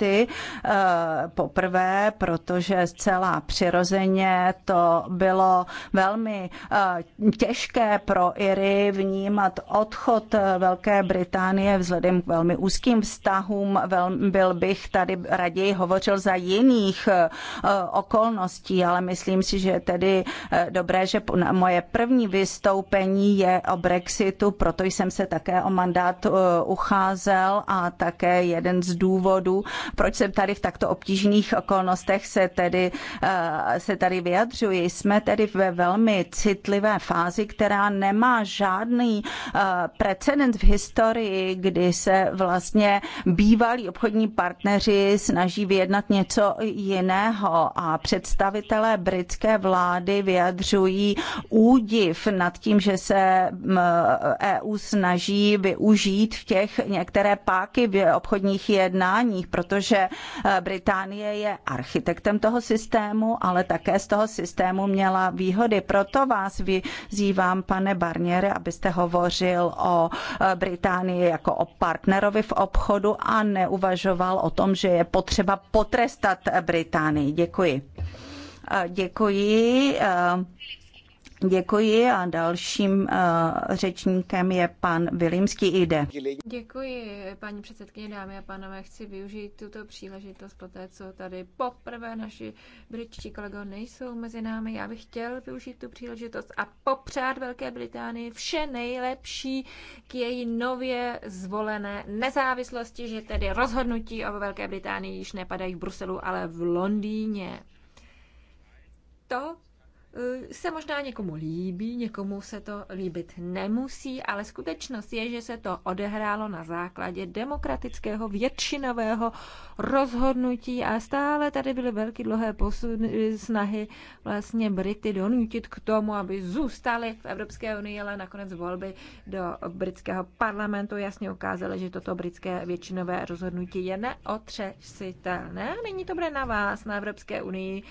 debaty eh, poprvé, protože zcela přirozeně to bylo velmi eh, těžké pro Iry vnímat odchod eh, Velké Británie vzhledem k velmi úzkým vztahům. Byl bych tady raději hovořil za jiných okolností, ale myslím si, že je tedy dobré, že moje první vystoupení je o Brexitu, proto jsem se také o mandát ucházel a také jeden z důvodů proč jsem tady v takto obtížných okolnostech se tedy eh, se tady vyjadřuji? Jsme tedy ve velmi citlivé fázi, která nemá žádný eh, precedent v historii, kdy se vlastně bývalí obchodní partneři snaží vyjednat něco jiného a představitelé britské vlády vyjadřují údiv nad tím, že se EU snaží využít v těch některé páky v obchodních jednáních, protože protože eh, Británie je architektem toho systému, ale také z toho systému měla výhody. Proto vás vyzývám, pane Barniere, abyste hovořil o eh, Británii jako o partnerovi v obchodu a neuvažoval o tom, že je potřeba potrestat eh, Británii. Děkuji. Děkuji. Děkuji a dalším uh, řečníkem je pan Vilimský Ide. Děkuji, paní předsedkyně, dámy a pánové. Chci využít tuto příležitost po té, co tady poprvé naši britští kolegové nejsou mezi námi. Já bych chtěl využít tu příležitost a popřát Velké Británii vše nejlepší k její nově zvolené nezávislosti, že tedy rozhodnutí o Velké Británii již nepadají v Bruselu, ale v Londýně. To Eh, se možná někomu líbí, někomu se to líbit nemusí, ale skutečnost je, že se to odehrálo na základě demokratického většinového rozhodnutí a stále tady byly velké dlouhé posuny, snahy vlastně Brity donutit k tomu, aby zůstali v Evropské unii, ale nakonec volby do britského parlamentu jasně ukázaly, že toto britské většinové rozhodnutí je neotřesitelné. Není to bude na vás, na Evropské unii,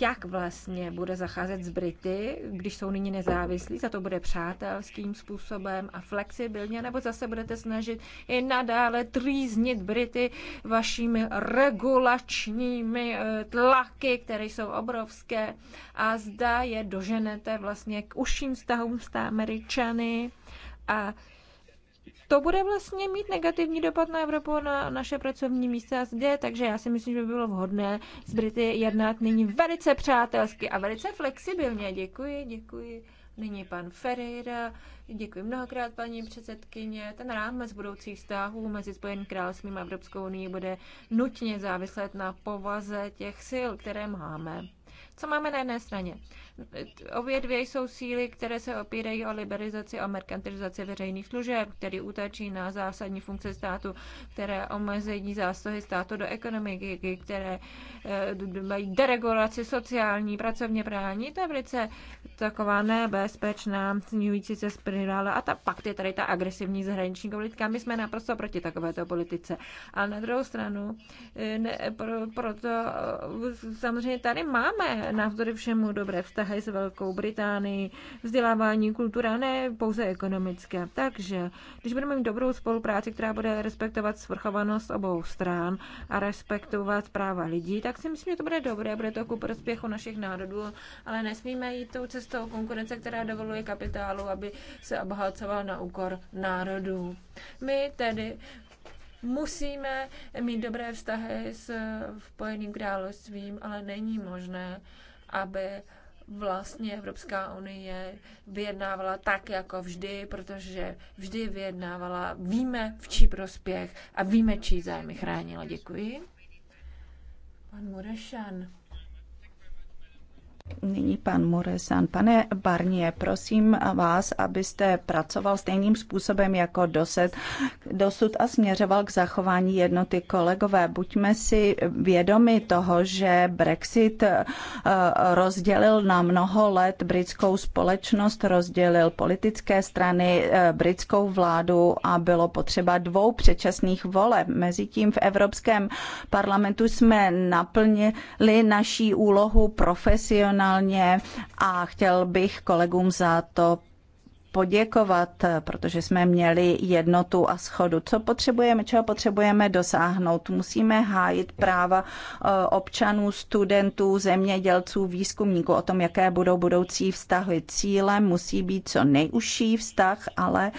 jak vlastně bude zacházet s Brity, když jsou nyní nezávislí, za to bude přátelským způsobem a flexibilně, nebo zase budete snažit i nadále trýznit Brity vašimi regulačními eh, tlaky, které jsou obrovské a zda je doženete vlastně k užším vztahům s Američany a to bude vlastně mít negativní dopad na Evropu, na naše pracovní místa a zde, takže já si myslím, že by bylo vhodné s Brity jednat nyní velice přátelsky a velice flexibilně. Děkuji, děkuji. Nyní pan Ferreira. Děkuji mnohokrát, paní předsedkyně. Ten rámec budoucích vztahů mezi Spojeným královstvím a Evropskou unii bude nutně záviset na povaze těch sil, které máme. Co máme na jedné straně? Obě dvě jsou síly, které se opírají o liberalizaci a merkantilizaci veřejných služeb, který útačí na zásadní funkce státu, které omezení zásahy státu do ekonomiky, které eh, mají deregulaci sociální, pracovně právní. To je velice taková nebezpečná, snižující se spirála. A ta, pak je tady ta agresivní zahraniční politika. My jsme naprosto proti takovéto politice. A na druhou stranu, eh, ne, pro, proto eh, samozřejmě tady máme navzdory všemu dobré vztahy vztahy s Velkou Británií, vzdělávání, kultura, ne pouze ekonomické. Takže když budeme mít dobrou spolupráci, která bude respektovat svrchovanost obou stran a respektovat práva lidí, tak si myslím, že to bude dobré, bude to ku prospěchu našich národů, ale nesmíme jít tou cestou konkurence, která dovoluje kapitálu, aby se obohacoval na úkor národů. My tedy musíme mít dobré vztahy s Spojeným královstvím, ale není možné, aby vlastně Evropská unie vyjednávala tak, jako vždy, protože vždy vyjednávala, víme, v čí prospěch a víme, čí zájmy chránila. Děkuji. Pan Murešan. Nyní pan Muresan. Pane Barnie, prosím vás, abyste pracoval stejným způsobem jako dosud, dosud a směřoval k zachování jednoty. Kolegové, buďme si vědomi toho, že Brexit eh, rozdělil na mnoho let britskou společnost, rozdělil politické strany, eh, britskou vládu a bylo potřeba dvou předčasných voleb. Mezitím v Evropském parlamentu jsme naplnili naší úlohu profesionální profesionálně a chtěl bych kolegům za to poděkovat, protože jsme měli jednotu a schodu. Co potřebujeme, čeho potřebujeme dosáhnout? Musíme hájit práva eh, občanů, studentů, zemědělců, výzkumníků o tom, jaké budou budoucí vztahy. Cílem musí být co nejužší vztah, ale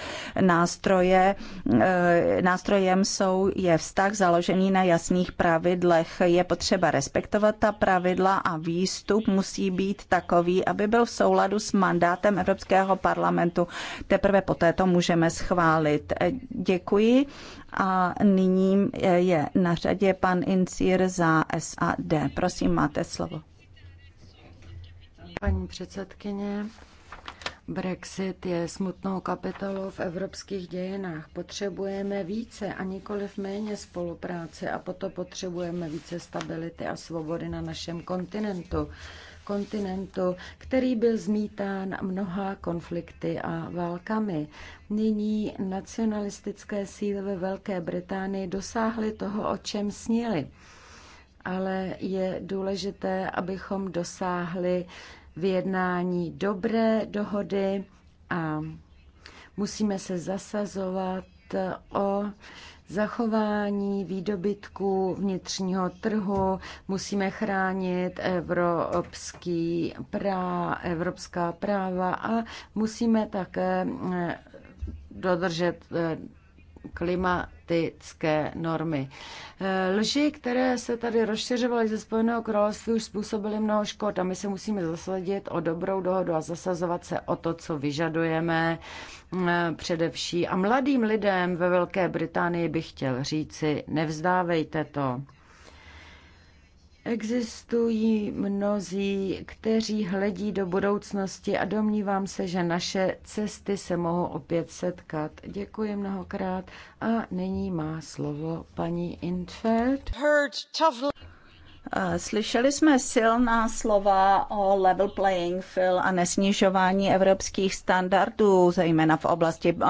nástroje, eh, nástrojem jsou, je vztah založený na jasných pravidlech. Je potřeba respektovat ta pravidla a výstup musí být takový, aby byl v souladu s mandátem Evropského parlamentu Teprve poté to můžeme schválit. Děkuji a nyní je na řadě pan Incír za SAD. Prosím, máte slovo. Paní předsedkyně, Brexit je smutnou kapitolou v evropských dějinách. Potřebujeme více a nikoliv méně spolupráce a potom potřebujeme více stability a svobody na našem kontinentu kontinentu, který byl zmítán mnoha konflikty a válkami. Nyní nacionalistické síly ve Velké Británii dosáhly toho, o čem snili. Ale je důležité, abychom dosáhli vyjednání dobré dohody a musíme se zasazovat o zachování výdobytku vnitřního trhu, musíme chránit evropský prá, evropská práva a musíme také eh, dodržet eh, klimatické normy. E, Lži, které se tady rozšiřovaly ze Spojeného království, už způsobily mnoho škod a my se musíme zasadit o dobrou dohodu a zasazovat se o to, co vyžadujeme e, především. A mladým lidem ve Velké Británii bych chtěl říci, nevzdávejte to. Existují mnozí, kteří hledí do budoucnosti a domnívám se, že naše cesty se mohou opět setkat. Děkuji mnohokrát a nyní má slovo paní Infeld. Eh, slyšeli jsme silná slova o level playing field a nesnižování evropských standardů, zejména v oblasti eh,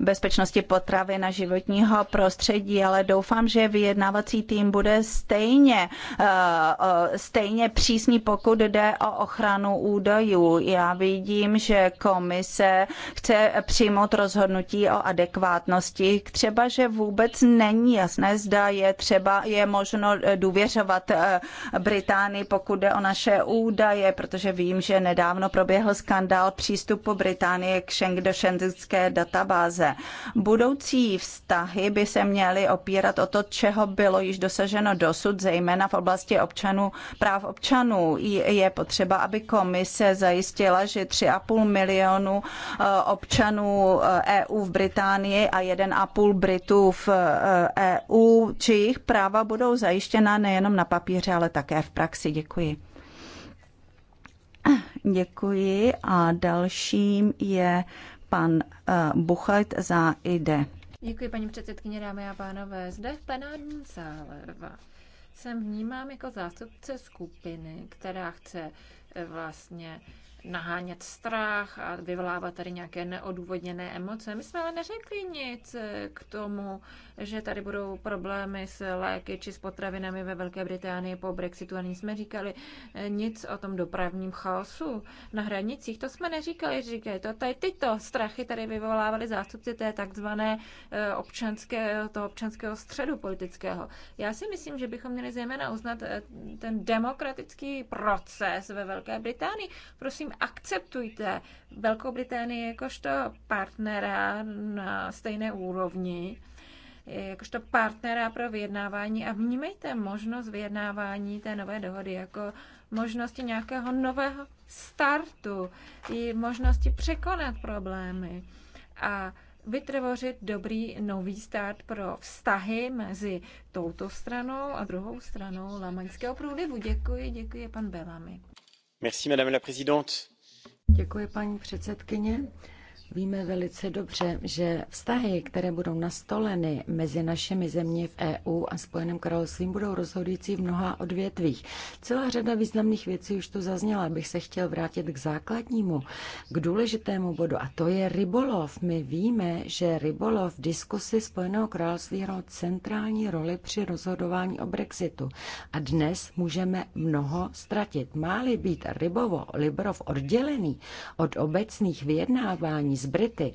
bezpečnosti potravy na životního prostředí, ale doufám, že vyjednávací tým bude stejně, eh, stejně přísný, pokud jde o ochranu údajů. Já vidím, že komise chce přijmout rozhodnutí o adekvátnosti, třeba, že vůbec není jasné, zda je třeba je možno důvěřovat Eh, Británii, pokud jde o naše údaje, protože vím, že nedávno proběhl skandál přístupu Británie k Schengen databázi. databáze. Budoucí vztahy by se měly opírat o to, čeho bylo již dosaženo dosud, zejména v oblasti občanů, práv občanů. Je potřeba, aby komise zajistila, že 3,5 milionu eh, občanů EU eh, e v Británii a 1,5 Britů v EU, e či jejich práva budou zajištěna nejenom na papíře, papíře, ale také v praxi. Děkuji. Děkuji a dalším je pan eh, Buchajt za ID. Děkuji, paní předsedkyně, dámy a pánové. Zde v plenárním sále jsem vnímám jako zástupce skupiny, která chce eh, vlastně nahánět strach a vyvolávat tady nějaké neodůvodněné emoce. My jsme ale neřekli nic eh, k tomu, že tady budou problémy s léky či s potravinami ve Velké Británii po Brexitu. Ani jsme říkali eh, nic o tom dopravním chaosu na hranicích. To jsme neříkali, říkají to. Tady tyto strachy tady vyvolávali zástupci té takzvané eh, občanské, toho občanského středu politického. Já si myslím, že bychom měli zejména uznat ten demokratický proces ve Velké Británii. Prosím, akceptujte Velkou Británii jakožto partnera na stejné úrovni, jakožto partnera pro vyjednávání a vnímejte možnost vyjednávání té nové dohody jako možnosti nějakého nového startu, i možnosti překonat problémy a vytvořit dobrý nový start pro vztahy mezi touto stranou a druhou stranou Lamaňského průlivu. Děkuji, děkuji pan Belami. Merci, madame la présidente. Děkuji, paní předsedkyně. Víme velice dobře, že vztahy, které budou nastoleny mezi našimi zeměmi v EU a Spojeném královstvím, budou rozhodující v mnoha odvětvích. Celá řada významných věcí už tu zazněla, Abych se chtěl vrátit k základnímu, k důležitému bodu, a to je rybolov. My víme, že rybolov v diskusi Spojeného království hrál centrální roli při rozhodování o Brexitu. A dnes můžeme mnoho ztratit. Máli být rybovo, Librov oddělený od obecných vyjednávání, s Brity.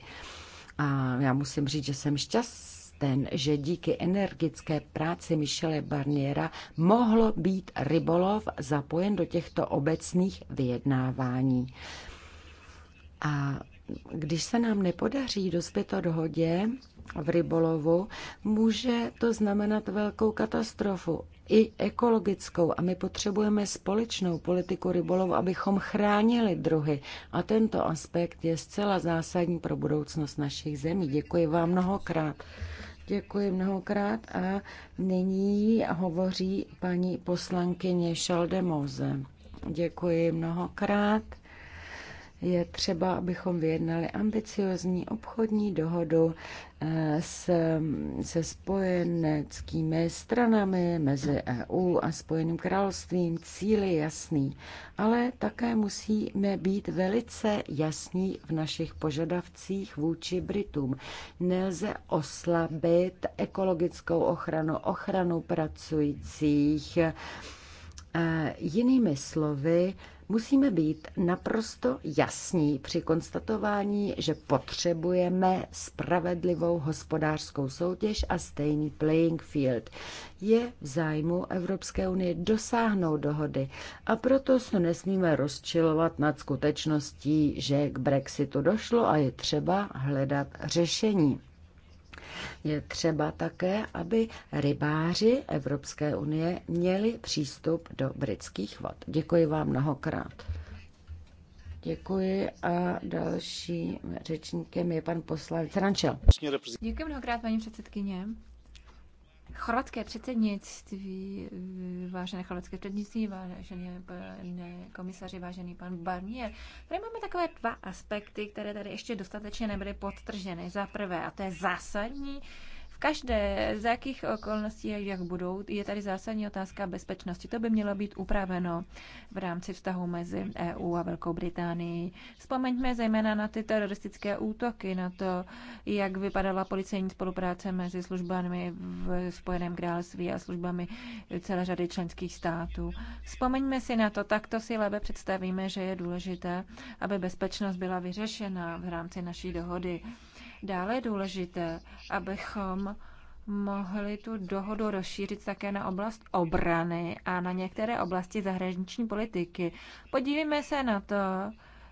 A já musím říct, že jsem šťastný ten, že díky energické práci Michele Barniera mohlo být rybolov zapojen do těchto obecných vyjednávání. A když se nám nepodaří dospět o dohodě v rybolovu, může to znamenat velkou katastrofu i ekologickou a my potřebujeme společnou politiku rybolovu, abychom chránili druhy. A tento aspekt je zcela zásadní pro budoucnost našich zemí. Děkuji vám mnohokrát. Děkuji mnohokrát a nyní hovoří paní poslankyně Šaldemoze. Děkuji mnohokrát je třeba, abychom vyjednali ambiciozní obchodní dohodu eh, s, se spojeneckými stranami mezi EU a Spojeným královstvím. Cíl je jasný, ale také musíme být velice jasní v našich požadavcích vůči Britům. Nelze oslabit ekologickou ochranu, ochranu pracujících. Eh, jinými slovy, Musíme být naprosto jasní při konstatování, že potřebujeme spravedlivou hospodářskou soutěž a stejný playing field. Je v zájmu Evropské unie dosáhnout dohody a proto se nesmíme rozčilovat nad skutečností, že k Brexitu došlo a je třeba hledat řešení. Je třeba také, aby rybáři Evropské unie měli přístup do britských vod. Děkuji vám mnohokrát. Děkuji a dalším řečníkem je pan poslanec Rančel. Děkuji mnohokrát, paní předsedkyně. Chorvatské předsednictví, vážené chorvatské předsednictví, vážený pane komisaři, vážený pan Barnier, tady máme takové dva aspekty, které tady ještě dostatečně nebyly podtrženy. Za prvé, a to je zásadní, v každé, z jakých okolností a jak budou, je tady zásadní otázka bezpečnosti. To by mělo být upraveno v rámci vztahu mezi EU a Velkou Británií. Vzpomeňme zejména na ty teroristické útoky, na to, jak vypadala policejní spolupráce mezi službami v Spojeném království a službami celé řady členských států. Vzpomeňme si na to, takto si lépe představíme, že je důležité, aby bezpečnost byla vyřešena v rámci naší dohody. Dále je důležité, abychom mohli tu dohodu rozšířit také na oblast obrany a na některé oblasti zahraniční politiky. Podívejme se na to,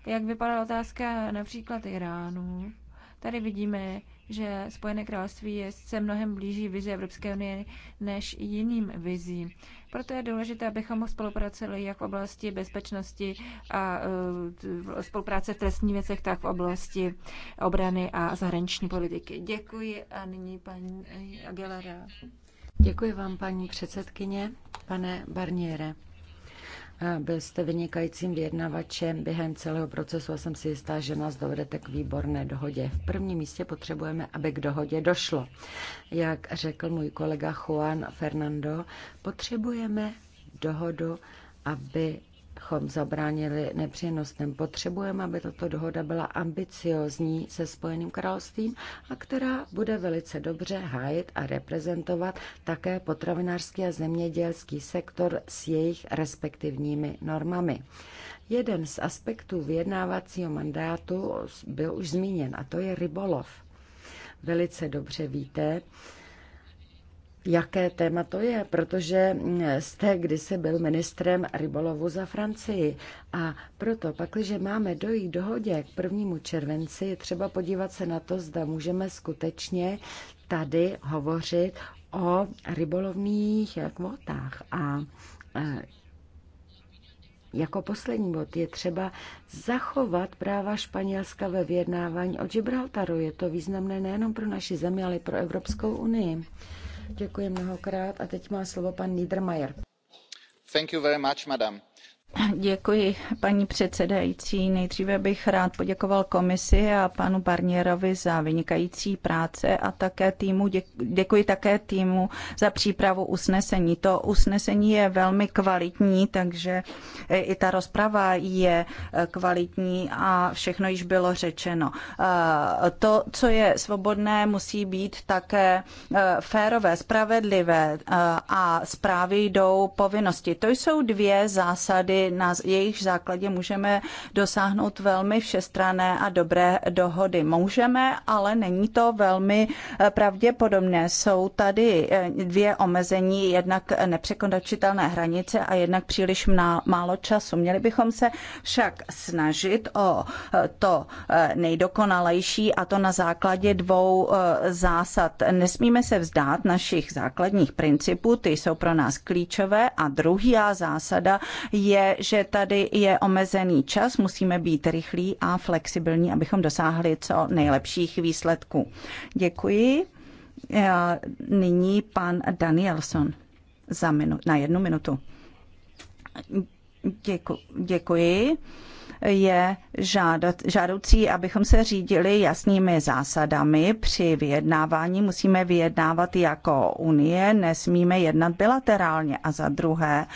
jak vypadá otázka například Iránu. Tady vidíme, že Spojené království je se mnohem blíží vizi Evropské unie než jiným vizím. Proto je důležité, abychom spolupracovali jak v oblasti bezpečnosti a e, spolupráce v trestních věcech, tak v oblasti obrany a zahraniční politiky. Děkuji a nyní paní Aguilera. Děkuji vám, paní předsedkyně, pane Barniere. Byl jste vynikajícím vyjednavačem během celého procesu a jsem si jistá, že nás dovedete k výborné dohodě. V prvním místě potřebujeme, aby k dohodě došlo. Jak řekl můj kolega Juan Fernando, potřebujeme dohodu, aby abychom zabránili nepříjemnostem. Potřebujeme, aby tato dohoda byla ambiciozní se Spojeným královstvím a která bude velice dobře hájit a reprezentovat také potravinářský a zemědělský sektor s jejich respektivními normami. Jeden z aspektů vyjednávacího mandátu byl už zmíněn a to je rybolov. Velice dobře víte, jaké téma to je, protože jste kdysi byl ministrem rybolovu za Francii a proto pak, když máme dojít dohodě k prvnímu červenci, je třeba podívat se na to, zda můžeme skutečně tady hovořit o rybolovných kvotách a e, jako poslední bod je třeba zachovat práva Španělska ve vyjednávání o Gibraltaru. Je to významné nejenom pro naši zemi, ale i pro Evropskou unii. Děkuji mnohokrát a teď má slovo pan Niedermayer. Thank you very much, madam. Děkuji, paní předsedající. Nejdříve bych rád poděkoval komisi a panu Barnierovi za vynikající práce a také týmu, děkuji také týmu za přípravu usnesení. To usnesení je velmi kvalitní, takže i ta rozprava je e, kvalitní a všechno již bylo řečeno. E, to, co je svobodné, musí být také e, férové, spravedlivé a zprávy jdou povinnosti. To jsou dvě zásady na jejich základě můžeme dosáhnout velmi všestrané a dobré dohody. Můžeme, ale není to velmi eh, pravděpodobné. Jsou tady eh, dvě omezení, jednak nepřekonačitelné hranice a jednak příliš málo času. Měli bychom se však snažit o eh, to nejdokonalejší a to na základě dvou zásad. Nesmíme se vzdát našich základních principů, ty jsou pro nás klíčové a druhá zásada je že tady je omezený čas, musíme být rychlí a flexibilní, abychom dosáhli co nejlepších výsledků. Děkuji. Nyní pan Danielson za minu- na jednu minutu. Děku- děkuji je žádat, žádoucí, abychom se řídili jasnými zásadami. Při vyjednávání musíme vyjednávat jako Unie, nesmíme jednat bilaterálně. A za druhé,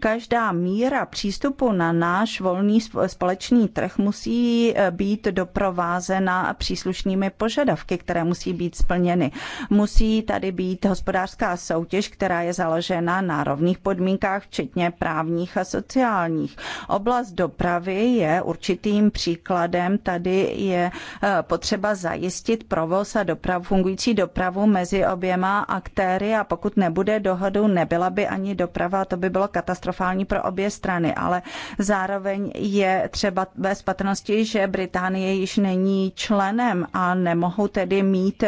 každá míra přístupu na náš volný společný trh musí eh, být doprovázena příslušnými požadavky, které musí být splněny. Musí tady být hospodářská soutěž, která je založena na rovných podmínkách, včetně právních a sociálních. Oblast dopravy je je určitým příkladem. Tady je eh, potřeba zajistit provoz a dopravu, fungující dopravu mezi oběma aktéry a pokud nebude dohodu, nebyla by ani doprava, to by bylo katastrofální pro obě strany, ale zároveň je třeba ve patrnosti, že Británie již není členem a nemohou tedy mít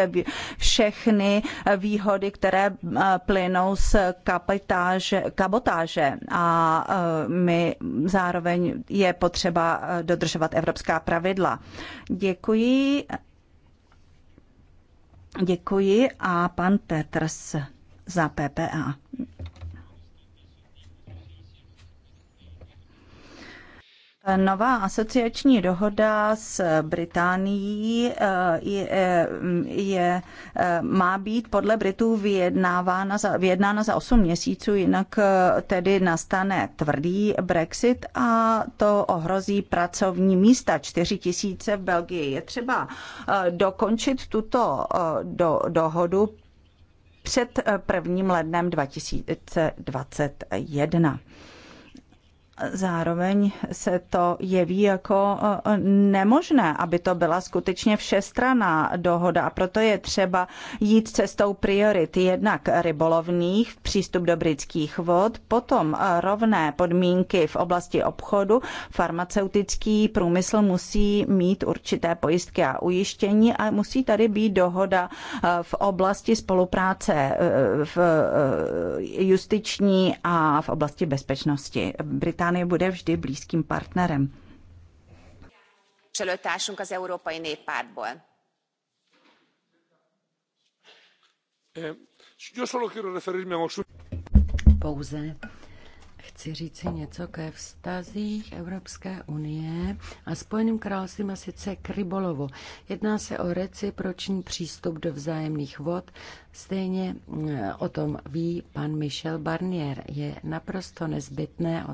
všechny výhody, které eh, plynou z kapitáže, kabotáže a eh, my zároveň je potřeba dodržovat evropská pravidla. Děkuji. Děkuji a pan Peters za PPA. Nová asociační dohoda s Británií eh, je, eh, je, eh, má být podle Britů vyjednávána za, vyjednána za 8 měsíců, jinak tedy nastane tvrdý Brexit a to ohrozí pracovní místa 4 tisíce v Belgii. Je třeba dokončit tuto do, dohodu před 1. lednem 2021 zároveň se to jeví jako e, nemožné, aby to byla skutečně všestraná dohoda. A proto je třeba jít cestou priorit jednak rybolovných, přístup do britských vod, potom e, rovné podmínky v oblasti obchodu. Farmaceutický průmysl musí mít určité pojistky a ujištění a musí tady být dohoda e, v oblasti spolupráce v justiční a v oblasti bezpečnosti. Británie Británie bude vždy blízkým partnerem. Eh, Pouze Chci říci něco ke vztazích Evropské unie a Spojeným královstvím a sice k rybolovu. Jedná se o reciproční přístup do vzájemných vod. Stejně eh, o tom ví pan Michel Barnier. Je naprosto nezbytné,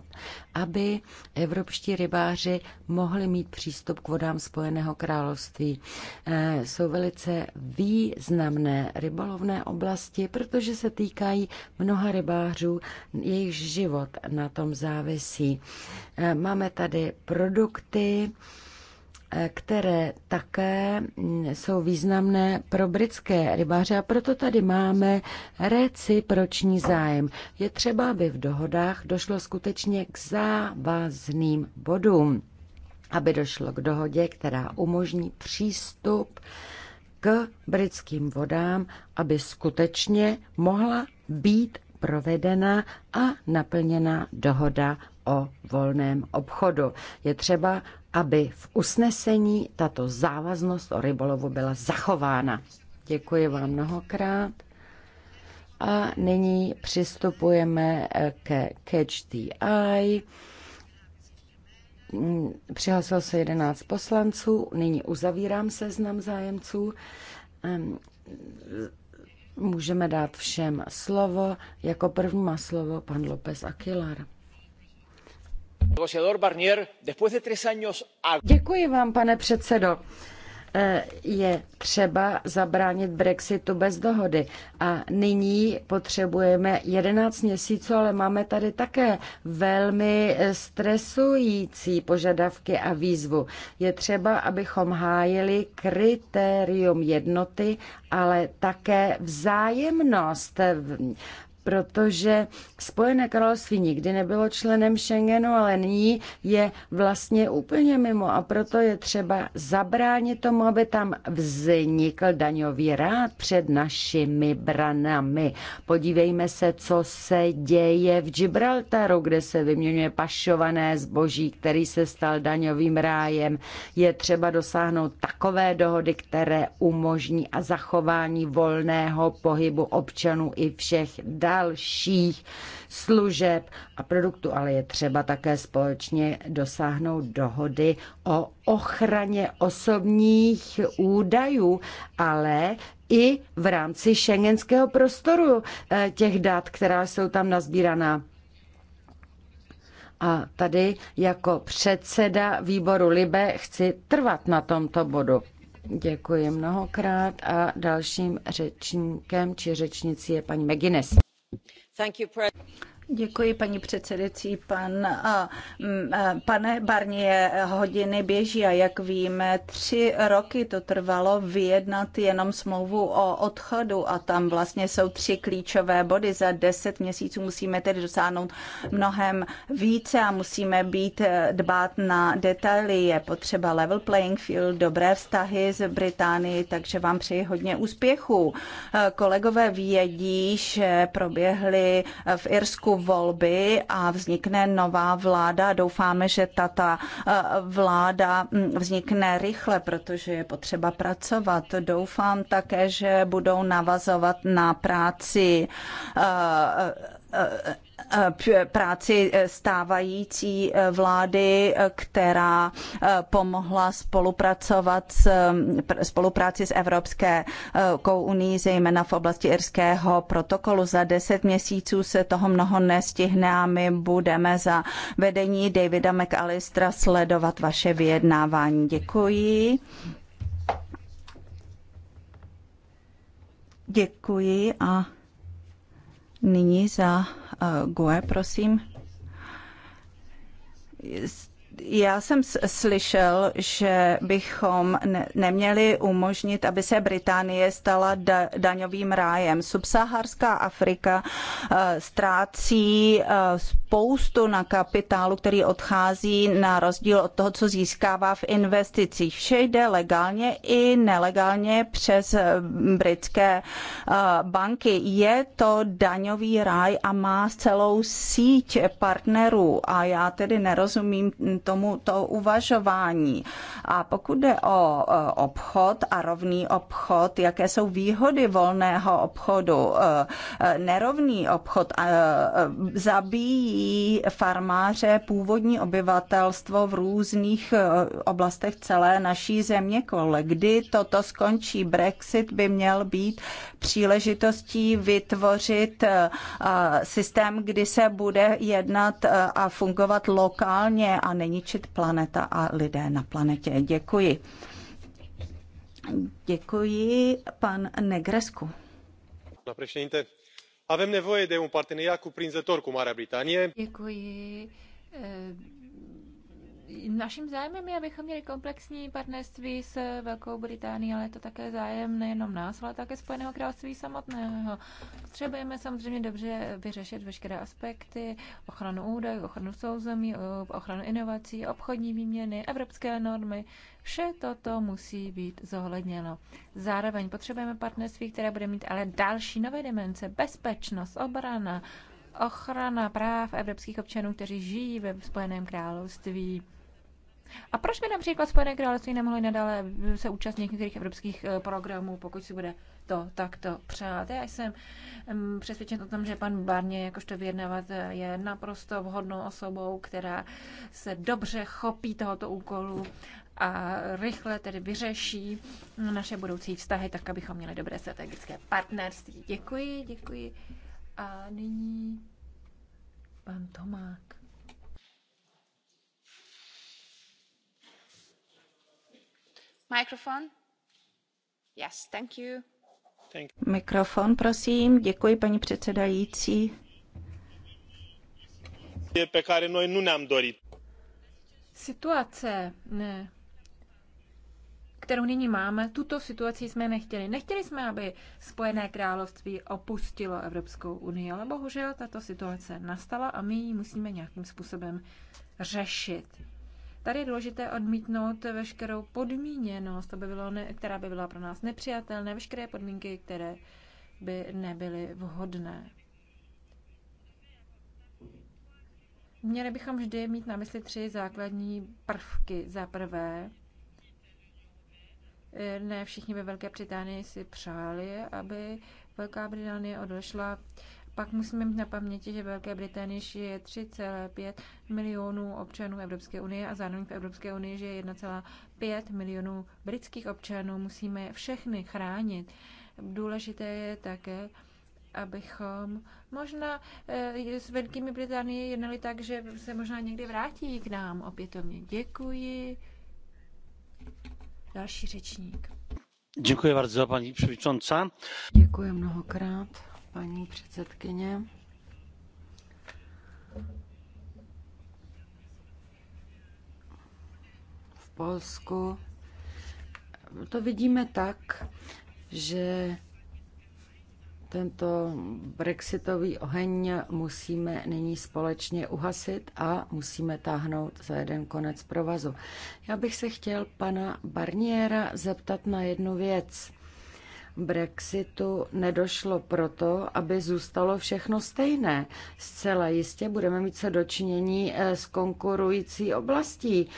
aby evropští rybáři mohli mít přístup k vodám Spojeného království. Eh, jsou velice významné rybolovné oblasti, protože se týkají mnoha rybářů, jejich život na tom závisí. Eh, máme tady produkty, eh, které také mm, jsou významné pro britské rybáře a proto tady máme reciproční zájem. Je třeba, aby v dohodách došlo skutečně k závazným bodům, aby došlo k dohodě, která umožní přístup k britským vodám, aby skutečně mohla být provedena a naplněna dohoda o volném obchodu. Je třeba, aby v usnesení tato závaznost o rybolovu byla zachována. Děkuji vám mnohokrát. A nyní přistupujeme eh, ke Catch the Eye. Mm, Přihlásil se 11 poslanců, nyní uzavírám seznam zájemců Můžeme dát všem slovo. Jako první má slovo pan López Aquilar. Děkuji vám, pane předsedo. Eh, je třeba zabránit Brexitu bez dohody. A nyní potřebujeme 11 měsíců, ale máme tady také velmi eh, stresující požadavky a výzvu. Je třeba, abychom hájili kritérium jednoty, ale také vzájemnost eh, protože Spojené království nikdy nebylo členem Schengenu, ale nyní je vlastně úplně mimo a proto je třeba zabránit tomu, aby tam vznikl daňový rád před našimi branami. Podívejme se, co se děje v Gibraltaru, kde se vyměňuje pašované zboží, který se stal daňovým rájem. Je třeba dosáhnout takové dohody, které umožní a zachování volného pohybu občanů i všech dá dalších služeb a produktů, ale je třeba také společně dosáhnout dohody o ochraně osobních údajů, ale i v rámci šengenského prostoru eh, těch dat, která jsou tam nazbíraná. A tady jako předseda výboru Libe chci trvat na tomto bodu. Děkuji mnohokrát a dalším řečníkem či řečnicí je paní Megines paní předsedající Děkuji, paní předsedající. Pan, pane Barnie, hodiny běží a jak víme, tři roky to trvalo vyjednat jenom smlouvu o odchodu a tam vlastně jsou tři klíčové body. Za deset měsíců musíme tedy dosáhnout mnohem více a musíme být e, dbát na detaily. Je potřeba level playing field, dobré vztahy z Británii, takže vám přeji hodně úspěchů. E, kolegové vědí, že proběhly e, v Irsku volby a vznikne nová vláda. Doufáme, že tata eh, vláda hm, vznikne rychle, protože je potřeba pracovat. Doufám také, že budou navazovat na práci eh, eh, Eh, práci eh, stávající eh, vlády, která pomohla spolupracovat s, mm, spolupráci s Evropskou unii, zejména v oblasti irského protokolu. Za deset měsíců se toho mnoho nestihne a my budeme za vedení Davida McAllistera sledovat vaše vyjednávání. Děkuji. Děkuji a nyní za Eh, GUE, prosím já jsem slyšel, že bychom neměli umožnit, aby se Británie stala da daňovým rájem. Subsaharská Afrika uh, ztrácí uh, spoustu na kapitálu, který odchází na rozdíl od toho, co získává v investicích. Vše jde legálně i nelegálně přes eh, britské uh, banky. Je to daňový ráj a má celou síť partnerů a já tedy nerozumím tomuto uvažování. A pokud jde o e, obchod a rovný obchod, jaké jsou výhody volného obchodu, e, e, nerovný obchod zabíjí farmáře původní obyvatelstvo v různých oblastech celé naší země kole. Kdy toto skončí? Brexit by měl být příležitostí vytvořit systém, kdy se bude jednat a fungovat lokálně a není ničit planeta a lidé na planetě. Děkuji. Děkuji, pan Negresku. Na președinte, avem nevoie de un parteneriat cuprinzător cu Marea Britanie. Děkuji. Eh, Naším zájmem je, abychom měli komplexní partnerství s Velkou Británií, ale je to také zájem nejenom nás, ale také Spojeného království samotného. Potřebujeme samozřejmě dobře vyřešit veškeré aspekty, ochranu údajů, ochranu souzemí, ochranu inovací, obchodní výměny, evropské normy. Vše toto musí být zohledněno. Zároveň potřebujeme partnerství, které bude mít ale další nové dimenze, bezpečnost, obrana, ochrana práv evropských občanů, kteří žijí ve Spojeném království. A proč by například Spojené království nemohly nadále se účastnit některých evropských eh, programů, pokud si bude to takto přát? Já jsem mm, přesvědčen o tom, že pan Barně, jakožto vyjednávat, je naprosto vhodnou osobou, která se dobře chopí tohoto úkolu a rychle tedy vyřeší naše budoucí vztahy, tak abychom měli dobré strategické partnerství. Děkuji, děkuji. A nyní pan Tomák. Mikrofon? Yes, thank you. Mikrofon, prosím. Děkuji, paní předsedající. E situace, ne, kterou nyní máme, tuto situaci jsme nechtěli. Nechtěli jsme, aby Spojené království opustilo Evropskou unii, ale bohužel tato situace nastala a my ji musíme nějakým způsobem řešit. Tady je důležité odmítnout veškerou podmíněnost, to by bylo ne, která by byla pro nás nepřijatelná, veškeré podmínky, které by nebyly vhodné. Měli bychom vždy mít na mysli tři základní prvky. Za prvé, ne všichni ve Velké Británii si přáli, aby Velká Británie odešla pak musíme mít na paměti, že Velké Británie je 3,5 milionů občanů Evropské unie a zároveň v Evropské unii je 1,5 milionů britských občanů. Musíme všechny chránit. Důležité je také, abychom možná eh, s Velkými Británií jednali tak, že se možná někdy vrátí k nám opětovně. Děkuji. Další řečník. Děkuji bardzo, paní předsedající. Děkuji mnohokrát paní předsedkyně. V Polsku to vidíme tak, že tento brexitový oheň musíme nyní společně uhasit a musíme táhnout za jeden konec provazu. Já bych se chtěl pana Barniera zeptat na jednu věc. Brexitu nedošlo proto, aby zůstalo všechno stejné. Zcela jistě budeme mít co dočinění eh, s konkurující oblastí.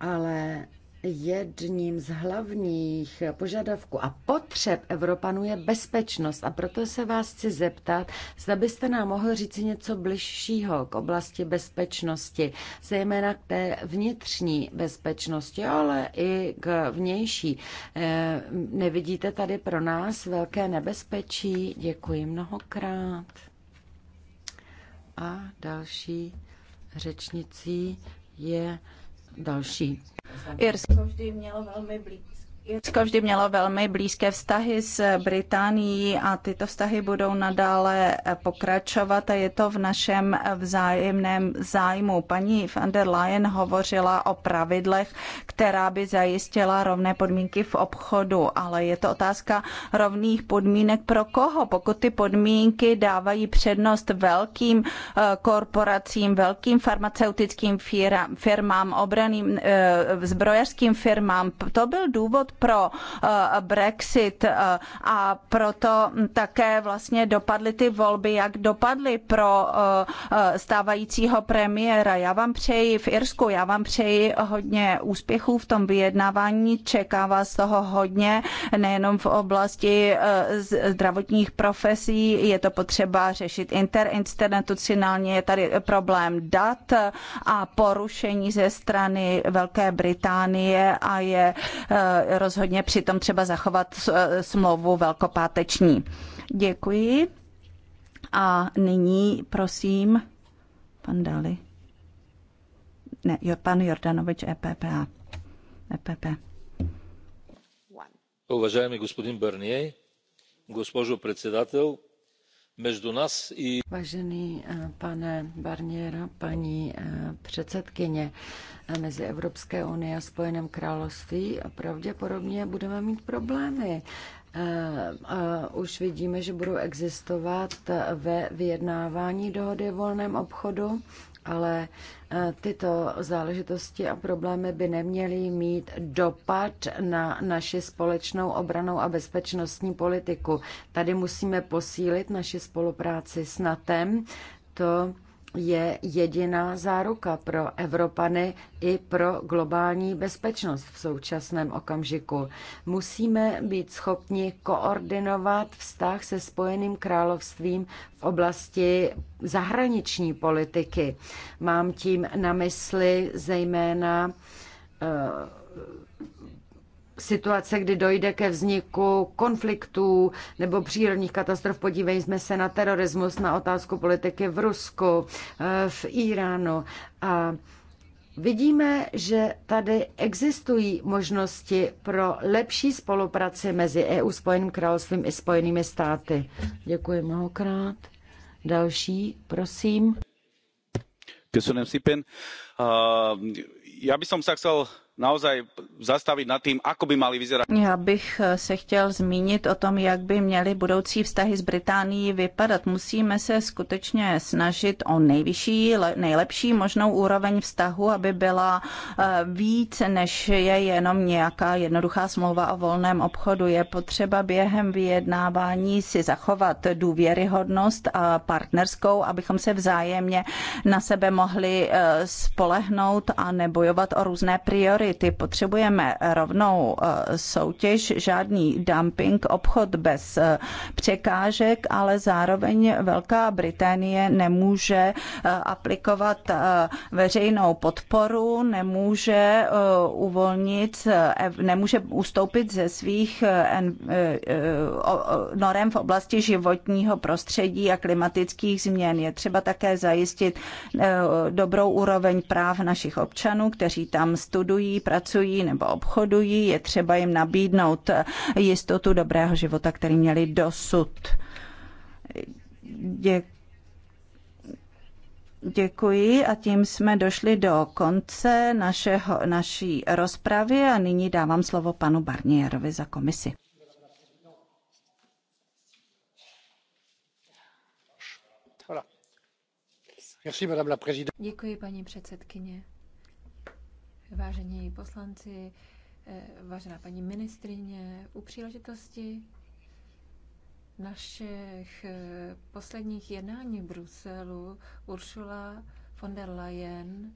Ale jedním z hlavních požadavků a potřeb Evropanů je bezpečnost. A proto se vás chci zeptat, zda byste nám mohl říct něco bližšího k oblasti bezpečnosti, zejména k té vnitřní bezpečnosti, ale i k vnější. Eh, nevidíte tady pro nás velké nebezpečí? Děkuji mnohokrát. A další řečnicí je další Irsko vždy mělo velmi blízko Irsko vždy mělo velmi blízké vztahy s Británií a tyto vztahy budou nadále pokračovat a je to v našem vzájemném zájmu. Paní van der Leyen hovořila o pravidlech, která by zajistila rovné podmínky v obchodu, ale je to otázka rovných podmínek pro koho? Pokud ty podmínky dávají přednost velkým eh, korporacím, velkým farmaceutickým firmám, obraným eh, zbrojařským firmám, to byl důvod, pro eh, Brexit eh, a proto také vlastně dopadly ty volby, jak dopadly pro eh, stávajícího premiéra. Já vám přeji v Irsku, já vám přeji hodně úspěchů v tom vyjednávání, čeká vás toho hodně, nejenom v oblasti zdravotních profesí, je to potřeba řešit interinstitucionálně, je tady problém dat a porušení ze strany Velké Británie a je rozhodně přitom třeba zachovat eh, smlouvu velkopáteční. Děkuji. A nyní prosím, pan Dali. Ne, pan Jordanovič, EPP. EPP. Uvažujeme, gospodin Барние, госпожо předsedatel, Vážený eh, pane Barnier, paní eh, předsedkyně eh, mezi Evropské unie a Spojeném království, pravděpodobně budeme mít problémy. Už vidíme, že budou existovat ve vyjednávání dohody o volném obchodu ale eh, tyto záležitosti a problémy by neměly mít dopad na naši společnou obranou a bezpečnostní politiku. Tady musíme posílit naši spolupráci s NATO. To je jediná záruka pro Evropany i pro globální bezpečnost v současném okamžiku. Musíme být schopni koordinovat vztah se Spojeným královstvím v oblasti zahraniční politiky. Mám tím na mysli zejména eh, situace, kdy dojde ke vzniku konfliktů nebo přírodních katastrof. Podívejme se na terorismus, na otázku politiky v Rusku, eh, v Iránu. A Vidíme, že tady existují možnosti pro lepší spolupráci mezi EU, Spojeným královstvím i Spojenými státy. Děkuji mnohokrát. Další, prosím. Köszönöm szépen. Uh, já bych se sa chcel naozaj zastavit nad tím, ako by mali vyzerať. Já bych eh, se chtěl zmínit o tom, jak by měly budoucí vztahy s Británií vypadat. Musíme se skutečně snažit o nejvyšší, nejlepší možnou úroveň vztahu, aby byla eh, víc, než je jenom nějaká jednoduchá smlouva o volném obchodu. Je potřeba během vyjednávání si zachovat důvěryhodnost a partnerskou, abychom se vzájemně na sebe mohli eh, spolehnout a nebojovat o různé priority ty Potřebujeme rovnou eh, soutěž, žádný dumping, obchod bez eh, překážek, ale zároveň Velká Británie nemůže eh, aplikovat veřejnou podporu, nemůže uvolnit, nemůže ustoupit ze svých norem v oblasti životního prostředí a klimatických změn. Je třeba také zajistit dobrou úroveň práv našich občanů, kteří tam studují, pracují nebo obchodují, je třeba jim nabídnout jistotu dobrého života, který měli dosud. Děkuji. Děkuji a tím jsme došli do konce našeho, naší rozpravy a nyní dávám slovo panu Barnierovi za komisi. Děkuji, paní předsedkyně vážení poslanci, eh, vážená paní ministrině, u příležitosti našich eh, posledních jednání v Bruselu Ursula von der Leyen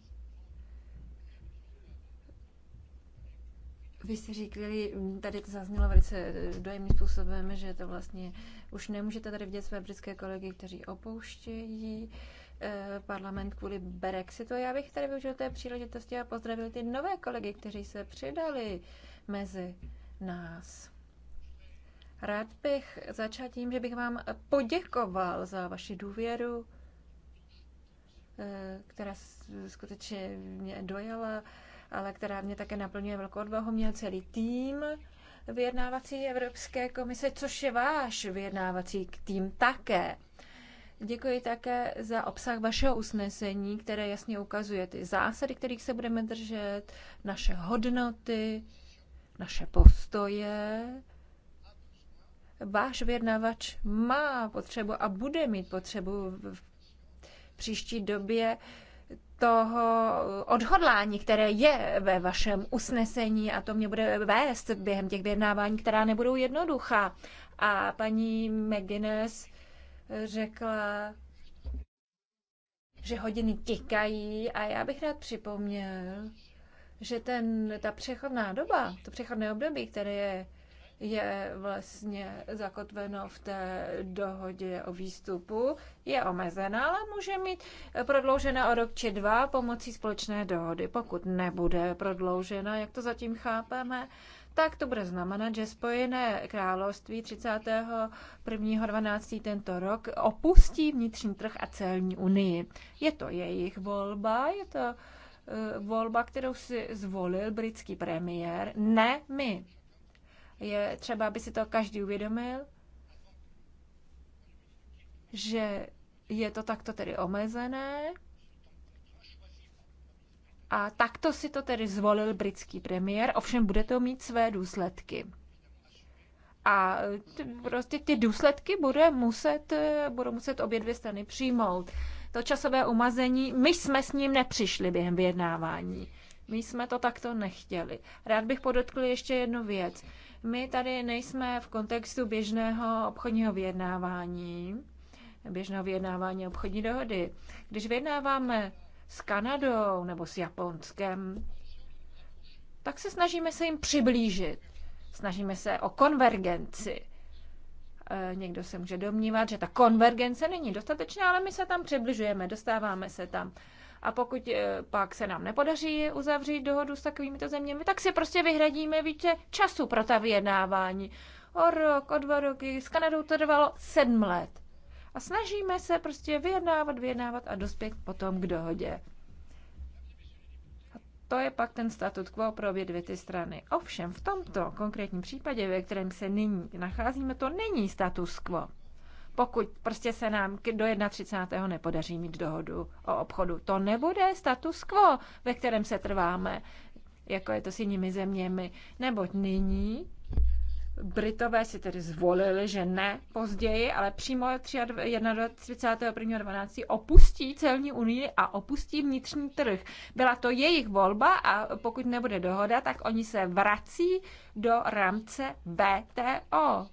Vy jste říkali, tady to zaznělo velice eh, dojemným způsobem, že to vlastně už nemůžete tady vidět své britské kolegy, kteří opouštějí Eh, parlament kvůli Brexitu. Já bych tady využil té příležitosti a pozdravil ty nové kolegy, kteří se přidali mezi nás. Rád bych začal tím, že bych vám poděkoval za vaši důvěru, eh, která skutečně mě dojala, ale která mě také naplňuje velkou odvahu. Měl celý tým vyjednávací Evropské komise, což je váš vyjednávací tým také. Děkuji také za obsah vašeho usnesení, které jasně ukazuje ty zásady, kterých se budeme držet, naše hodnoty, naše postoje. Váš vědnavač má potřebu a bude mít potřebu v příští době toho odhodlání, které je ve vašem usnesení a to mě bude vést během těch vyjednávání, která nebudou jednoduchá. A paní McGuinness řekla, že hodiny tikají a já bych rád připomněl, že ten, ta přechodná doba, to přechodné období, které je, je vlastně zakotveno v té dohodě o výstupu, je omezená, ale může mít prodloužena o rok či dva pomocí společné dohody. Pokud nebude prodloužena, jak to zatím chápeme, tak to bude znamenat, že Spojené království 31.12. tento rok opustí vnitřní trh a celní unii. Je to jejich volba, je to eh, volba, kterou si zvolil britský premiér, ne my. Je třeba, aby si to každý uvědomil, že je to takto tedy omezené a takto si to tedy zvolil britský premiér, ovšem bude to mít své důsledky. A prostě ty důsledky bude muset, budou muset obě dvě strany přijmout. To časové umazení, my jsme s ním nepřišli během vyjednávání. My jsme to takto nechtěli. Rád bych podotkl ještě jednu věc. My tady nejsme v kontextu běžného obchodního vyjednávání, běžného vyjednávání obchodní dohody. Když vyjednáváme s Kanadou nebo s Japonskem, tak se snažíme se jim přiblížit. Snažíme se o konvergenci. E, někdo se může domnívat, že ta konvergence není dostatečná, ale my se tam přibližujeme, dostáváme se tam. A pokud e, pak se nám nepodaří uzavřít dohodu s takovýmito zeměmi, tak si prostě vyhradíme více času pro ta vyjednávání. O rok, o dva roky, s Kanadou to trvalo sedm let a snažíme se prostě vyjednávat, vyjednávat a dospět potom k dohodě. A to je pak ten statut quo pro obě dvě ty strany. Ovšem v tomto konkrétním případě, ve kterém se nyní nacházíme, to není status quo. Pokud prostě se nám do 31. nepodaří mít dohodu o obchodu, to nebude status quo, ve kterém se trváme, jako je to s jinými zeměmi, neboť nyní Britové si tedy zvolili, že ne později, ale přímo 31.12. opustí celní unii a opustí vnitřní trh. Byla to jejich volba a pokud nebude dohoda, tak oni se vrací do rámce BTO.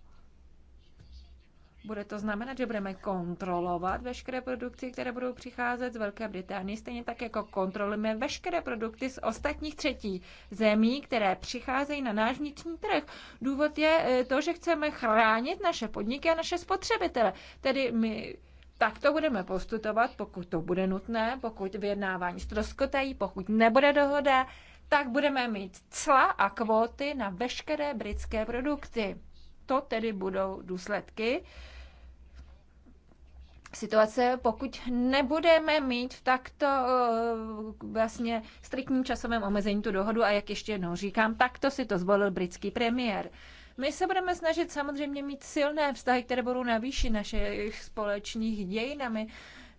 Bude to znamenat, že budeme kontrolovat veškeré produkty, které budou přicházet z Velké Británie, stejně tak jako kontrolujeme veškeré produkty z ostatních třetí zemí, které přicházejí na náš vnitřní trh. Důvod je eh, to, že chceme chránit naše podniky a naše spotřebitele. Tedy my tak to budeme postupovat, pokud to bude nutné, pokud vyjednávání ztroskotají, pokud nebude dohoda, tak budeme mít cla a kvóty na veškeré britské produkty. To tedy budou důsledky situace, pokud nebudeme mít v takto eh, vlastně striktním časovém omezení tu dohodu a jak ještě jednou říkám, takto si to zvolil britský premiér. My se budeme snažit samozřejmě mít silné vztahy, které budou na výši našich společných dějinami.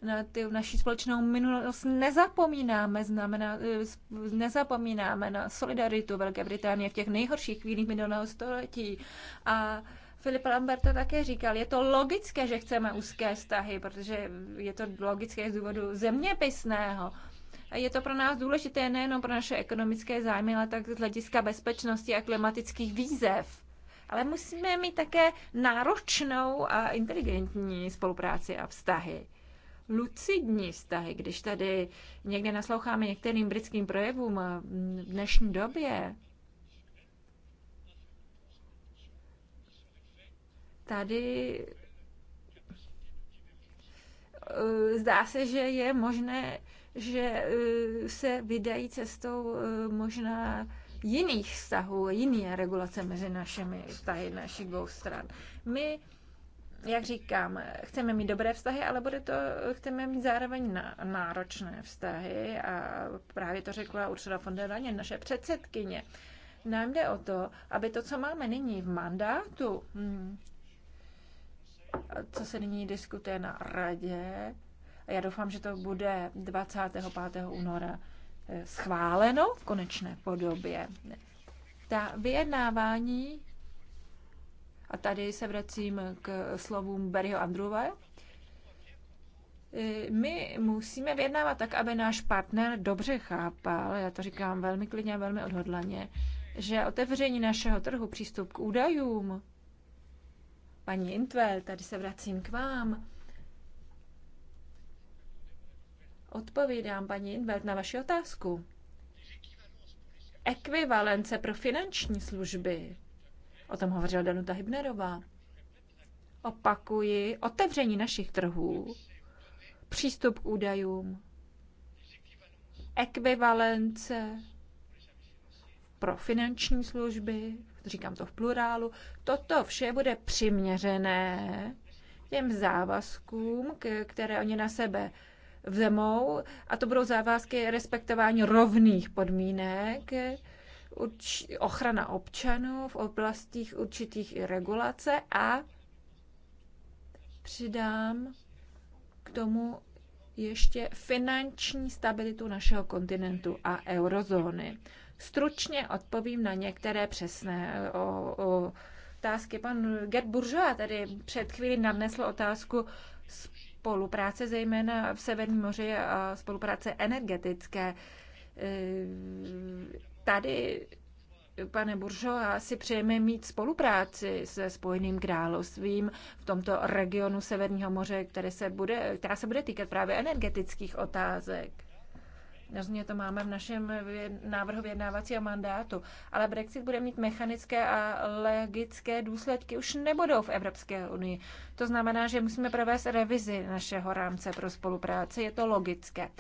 Na ty naši společnou minulost nezapomínáme, znamená, eh, nezapomínáme na solidaritu Velké Británie v těch nejhorších chvílích minulého století. A Filip Lambert to také říkal, je to logické, že chceme úzké vztahy, protože je to logické z důvodu zeměpisného. Je to pro nás důležité nejenom pro naše ekonomické zájmy, ale tak z hlediska bezpečnosti a klimatických výzev. Ale musíme mít také náročnou a inteligentní spolupráci a vztahy. Lucidní vztahy, když tady někde nasloucháme některým britským projevům v dnešní době, tady eh, zdá se, že je možné, že eh, se vydají cestou eh, možná jiných vztahů, jiné regulace mezi našimi vztahy našich dvou stran. My, jak říkám, chceme mít dobré vztahy, ale bude to, chceme mít zároveň náročné vztahy a právě to řekla Ursula von der Leyen, naše předsedkyně. Nám jde o to, aby to, co máme nyní v mandátu, hmm, co se nyní diskutuje na radě. A já doufám, že to bude 25. února eh, schváleno v konečné podobě. Ta vyjednávání, a tady se vracím k slovům Berio Andruva, eh, my musíme vyjednávat tak, aby náš partner dobře chápal, já to říkám velmi klidně a velmi odhodlaně, že otevření našeho trhu, přístup k údajům, Paní Intvel, tady se vracím k vám. Odpovídám, paní Invert, na vaši otázku. Ekvivalence pro finanční služby. O tom hovořila Danuta Hybnerová. Opakuji, otevření našich trhů, přístup k údajům, ekvivalence pro finanční služby, říkám to v plurálu, toto vše bude přiměřené těm závazkům, které oni na sebe vzemou, a to budou závazky respektování rovných podmínek, ochrana občanů v oblastích určitých i regulace a přidám k tomu ještě finanční stabilitu našeho kontinentu a eurozóny. Stručně odpovím na některé přesné eh, o, o otázky. Pan Gerd Buržová tady před chvílí nadnesl otázku spolupráce zejména v Severním moři a spolupráce energetické. Eh, tady pane Buržoa, si přejeme mít spolupráci se Spojeným královstvím v tomto regionu Severního moře, které se bude, která se bude týkat právě energetických otázek. Rozumě to máme v našem návrhu vyjednávacího mandátu. Ale Brexit bude mít mechanické a logické důsledky. Už nebudou v Evropské unii. To znamená, že musíme provést revizi našeho rámce pro spolupráci. Je to logické.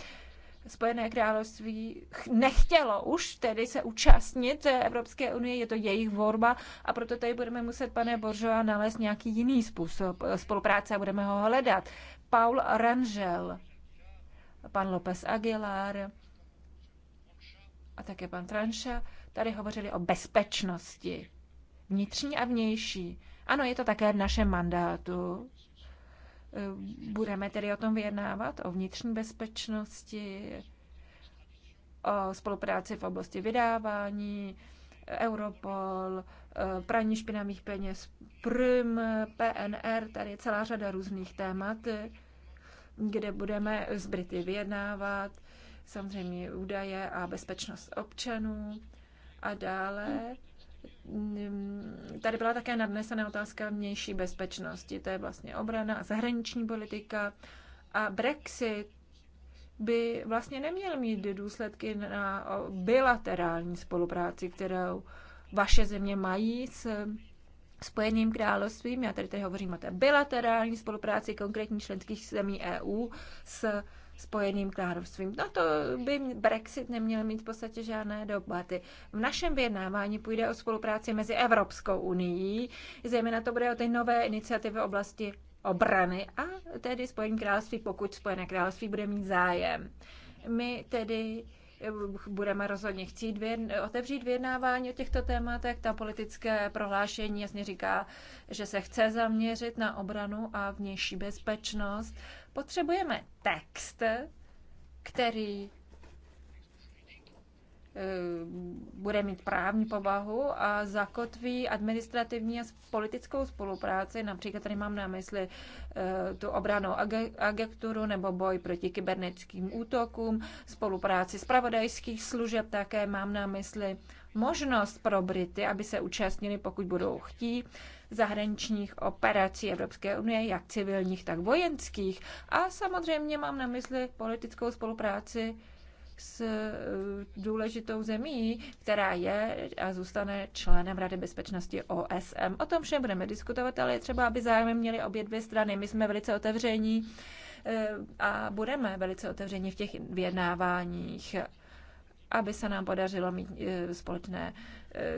Spojené království nechtělo už tedy se účastnit Evropské unie, je to jejich vorba a proto tady budeme muset, pane Boržova, nalézt nějaký jiný způsob spolupráce a budeme ho hledat. Paul Rangel pan López Aguilar a také pan Tranša, tady hovořili o bezpečnosti vnitřní a vnější. Ano, je to také v našem mandátu. Budeme tedy o tom vyjednávat, o vnitřní bezpečnosti, o spolupráci v oblasti vydávání, Europol, praní špinavých peněz, Prym, PNR, tady je celá řada různých témat kde budeme s Brity vyjednávat, samozřejmě údaje a bezpečnost občanů a dále. Mm, tady byla také nadnesena otázka vnější bezpečnosti, to je vlastně obrana a zahraniční politika. A Brexit by vlastně neměl mít důsledky na bilaterální spolupráci, kterou vaše země mají s Spojeným královstvím, já tady, tady hovořím o té bilaterální spolupráci konkrétních členských zemí EU s Spojeným královstvím. No to by Brexit neměl mít v podstatě žádné dopady. V našem vyjednávání půjde o spolupráci mezi Evropskou unii, zejména to bude o ty nové iniciativy v oblasti obrany a tedy Spojené království, pokud Spojené království bude mít zájem. My tedy budeme rozhodně chtít otevřít vyjednávání o těchto tématech. Ta politické prohlášení jasně říká, že se chce zaměřit na obranu a vnější bezpečnost. Potřebujeme text, který Eh, bude mít právní povahu a zakotví administrativní a politickou spolupráci. Například tady mám na mysli eh, tu obranou agenturu nebo boj proti kybernetickým útokům, spolupráci spravodajských služeb, také mám na mysli možnost pro Brity, aby se účastnili, pokud budou chtít, zahraničních operací Evropské unie, jak civilních, tak vojenských. A samozřejmě mám na mysli politickou spolupráci s eh, důležitou zemí, která je a zůstane členem Rady bezpečnosti OSM. O tom všem budeme diskutovat, ale je třeba, aby zájmy měly obě dvě strany. My jsme velice otevření eh, a budeme velice otevření v těch vyjednáváních aby se nám podařilo mít eh, společné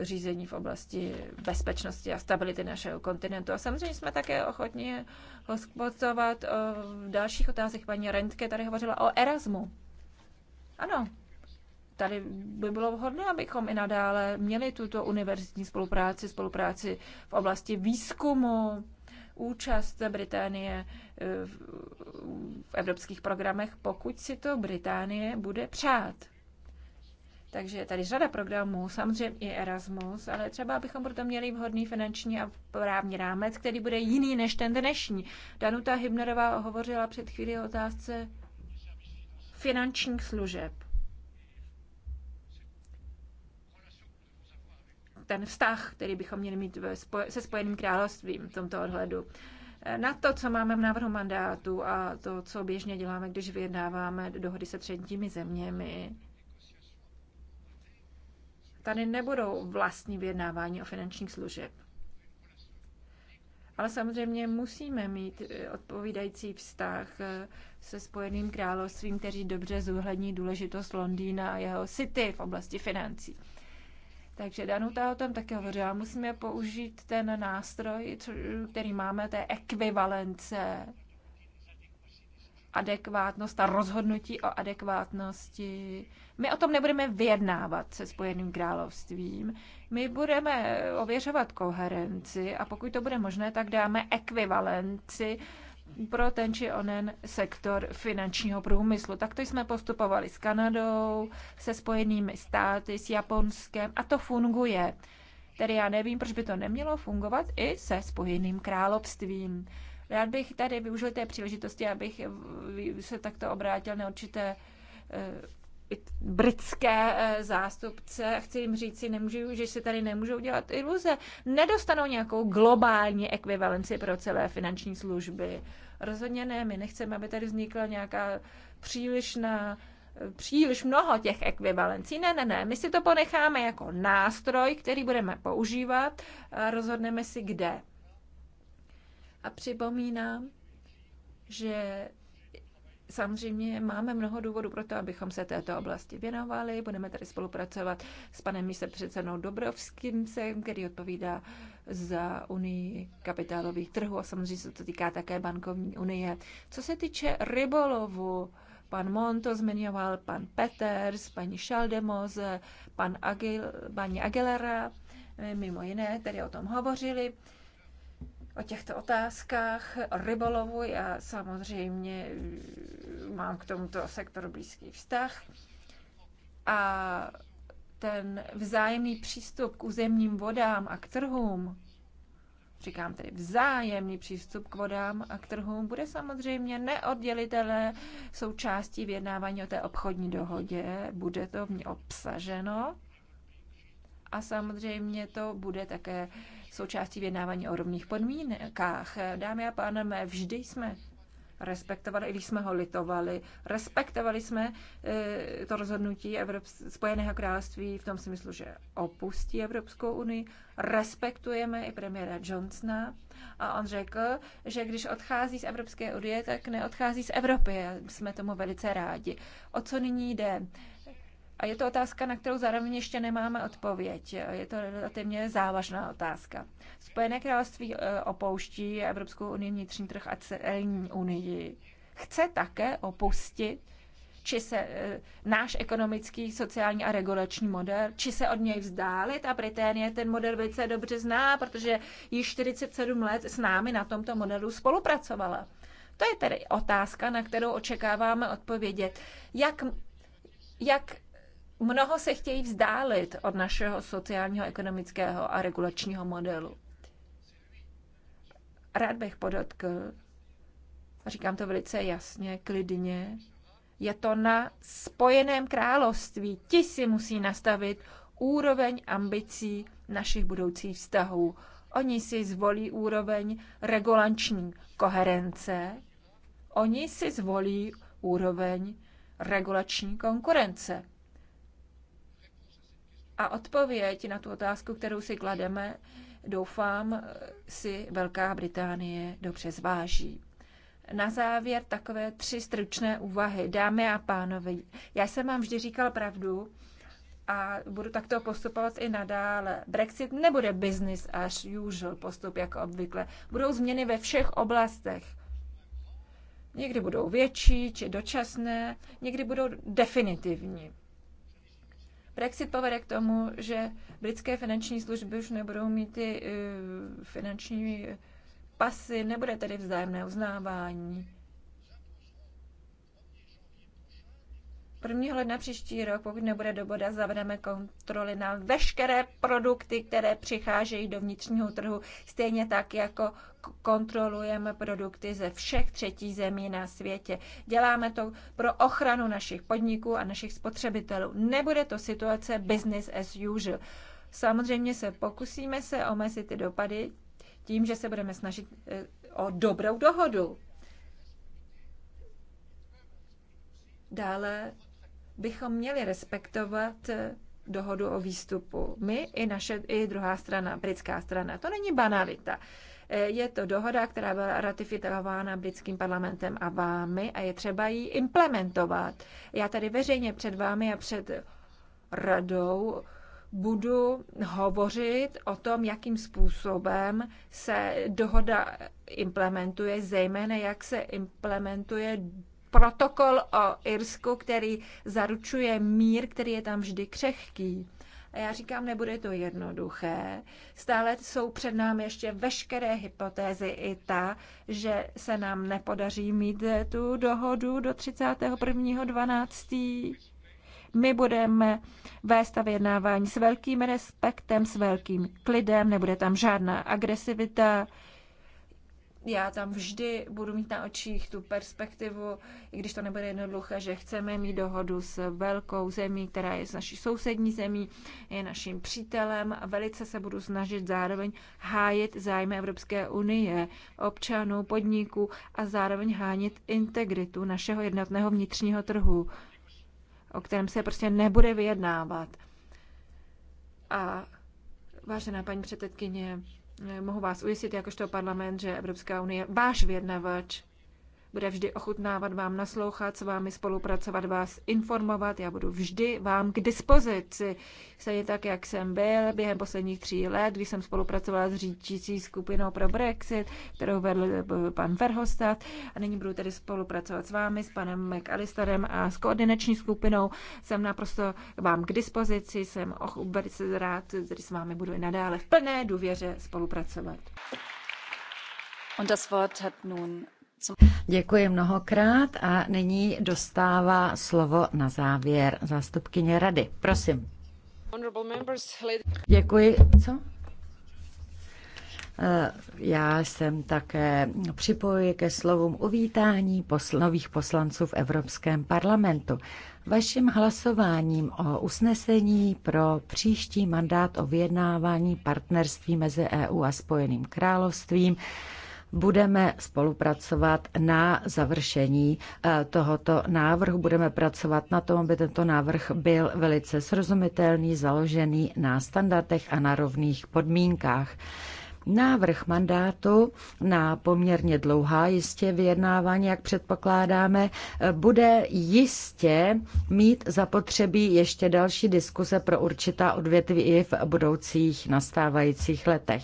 řízení v oblasti bezpečnosti a stability našeho kontinentu. A samozřejmě jsme také ochotni hospodovat o dalších otázek. Paní Rentke tady hovořila o Erasmu. Ano, tady by bylo vhodné, abychom i nadále měli tuto univerzitní spolupráci, spolupráci v oblasti výzkumu, účast Británie eh, v evropských programech, pokud si to Británie bude přát. Takže je tady řada programů, samozřejmě i Erasmus, ale třeba abychom proto měli vhodný finanční a právní rámec, který bude jiný než ten dnešní. Danuta Hybnerová hovořila před chvílí o otázce finančních služeb. Ten vztah, který bychom měli mít se Spojeným královstvím v tomto ohledu. Na to, co máme v návrhu mandátu a to, co běžně děláme, když vyjednáváme dohody se třetími zeměmi, tady nebudou vlastní vyjednávání o finančních služeb ale samozřejmě musíme mít eh, odpovídající vztah eh, se Spojeným královstvím, kteří dobře zohlední důležitost Londýna a jeho city v oblasti financí. Takže Danuta o tom také hovořila. Musíme použít ten nástroj, který máme, té ekvivalence adekvátnost a rozhodnutí o adekvátnosti. My o tom nebudeme vyjednávat se Spojeným královstvím. My budeme ověřovat koherenci a pokud to bude možné, tak dáme ekvivalenci pro ten či onen sektor finančního průmyslu. Takto jsme postupovali s Kanadou, se Spojenými státy, s Japonskem a to funguje. Tedy já nevím, proč by to nemělo fungovat i se Spojeným královstvím. Rád bych tady využil té příležitosti, abych se takto obrátil na určité eh, britské eh, zástupce a chci jim říct si, nemůžu, že se tady nemůžou dělat iluze. Nedostanou nějakou globální ekvivalenci pro celé finanční služby. Rozhodně ne, my nechceme, aby tady vznikla nějaká přílišná eh, příliš mnoho těch ekvivalencí. Ne, ne, ne, my si to ponecháme jako nástroj, který budeme používat a rozhodneme si, kde. A připomínám, že samozřejmě máme mnoho důvodů pro to, abychom se této oblasti věnovali. Budeme tady spolupracovat s panem místopředsedou Dobrovským, který odpovídá za unii kapitálových trhů a samozřejmě se to týká také bankovní unie. Co se týče rybolovu, pan Monto zmiňoval, pan Peters, paní Šaldemoz, pan Agil, paní Aguilera, mimo jiné, tedy o tom hovořili o těchto otázkách rybolovu. Já samozřejmě eh, mám k tomuto sektoru blízký vztah. A ten vzájemný přístup k územním vodám a k trhům, říkám tedy vzájemný přístup k vodám a k trhům, bude samozřejmě neoddělitelné součástí vyjednávání o té obchodní dohodě. Bude to v ní obsaženo a samozřejmě to bude také součástí vědnávání o rovných podmínkách. Dámy a pánové, vždy jsme respektovali, i když jsme ho litovali, respektovali jsme e, to rozhodnutí Evrops- Spojeného království v tom smyslu, že opustí Evropskou unii, respektujeme i premiéra Johnsona a on řekl, že když odchází z Evropské unie, tak neodchází z Evropy. Jsme tomu velice rádi. O co nyní jde? A je to otázka, na kterou zároveň ještě nemáme odpověď. Je to relativně závažná otázka. Spojené království eh, opouští Evropskou unii vnitřní trh a celní unii. Chce také opustit či se eh, náš ekonomický, sociální a regulační model, či se od něj vzdálit. A Británie ten model velice dobře zná, protože již 47 let s námi na tomto modelu spolupracovala. To je tedy otázka, na kterou očekáváme odpovědět. Jak, jak Mnoho se chtějí vzdálit od našeho sociálního, ekonomického a regulačního modelu. Rád bych podotkl, a říkám to velice jasně, klidně, je to na Spojeném království. Ti si musí nastavit úroveň ambicí našich budoucích vztahů. Oni si zvolí úroveň regulační koherence, oni si zvolí úroveň regulační konkurence. A odpověď na tu otázku, kterou si klademe, doufám, si Velká Británie dobře zváží. Na závěr takové tři stručné úvahy. Dámy a pánové, já jsem vám vždy říkal pravdu a budu takto postupovat i nadále. Brexit nebude business as usual postup jako obvykle. Budou změny ve všech oblastech. Někdy budou větší či dočasné, někdy budou definitivní. Brexit povede k tomu, že britské finanční služby už nebudou mít ty eh, finanční eh, pasy, nebude tedy vzájemné uznávání. 1. ledna příští rok, pokud nebude doboda, zavedeme kontroly na veškeré produkty, které přicházejí do vnitřního trhu, stejně tak jako kontrolujeme produkty ze všech třetí zemí na světě. Děláme to pro ochranu našich podniků a našich spotřebitelů. Nebude to situace business as usual. Samozřejmě se pokusíme se omezit ty dopady tím, že se budeme snažit eh, o dobrou dohodu. Dále bychom měli respektovat eh, dohodu o výstupu. My i naše, i druhá strana, britská strana. To není banalita. Eh, je to dohoda, která byla ratifikována britským parlamentem a vámi a je třeba ji implementovat. Já tady veřejně před vámi a před radou budu hovořit o tom, jakým způsobem se dohoda implementuje, zejména jak se implementuje protokol o Irsku, který zaručuje mír, který je tam vždy křehký. A já říkám, nebude to jednoduché. Stále jsou před námi ještě veškeré hypotézy i ta, že se nám nepodaří mít tu dohodu do 31.12. My budeme vést a vyjednávání s velkým respektem, s velkým klidem, nebude tam žádná agresivita, já tam vždy budu mít na očích tu perspektivu, i když to nebude jednoduché, že chceme mít dohodu s velkou zemí, která je s naší sousední zemí, je naším přítelem a velice se budu snažit zároveň hájit zájmy Evropské unie, občanů, podniků a zároveň hánit integritu našeho jednotného vnitřního trhu, o kterém se prostě nebude vyjednávat. A vážená paní předsedkyně, Eh, mohu vás ujistit jakožto parlament, že Evropská unie, váš vyjednavač, bude vždy ochutnávat vám naslouchat, s vámi spolupracovat, vás informovat. Já budu vždy vám k dispozici. Stejně tak, jak jsem byl během posledních tří let, když jsem spolupracovala s řídící skupinou pro Brexit, kterou vedl eh, pan Verhostat. A nyní budu tedy spolupracovat s vámi, s panem McAllisterem a s koordinační skupinou. Jsem naprosto vám k dispozici, jsem velice rád, tedy s vámi budu i nadále v plné důvěře spolupracovat. Und das Wort hat nun Děkuji mnohokrát a nyní dostává slovo na závěr zástupkyně rady. Prosím. Děkuji. Co? Eh, já jsem také připojuji ke slovům uvítání posl- nových poslanců v Evropském parlamentu. Vaším hlasováním o usnesení pro příští mandát o vyjednávání partnerství mezi EU a Spojeným královstvím budeme spolupracovat na završení eh, tohoto návrhu. Budeme pracovat na tom, aby tento návrh byl velice srozumitelný, založený na standardech a na rovných podmínkách. Návrh mandátu na poměrně dlouhá jistě vyjednávání, jak předpokládáme, eh, bude jistě mít zapotřebí ještě další diskuse pro určitá odvětví i v budoucích nastávajících letech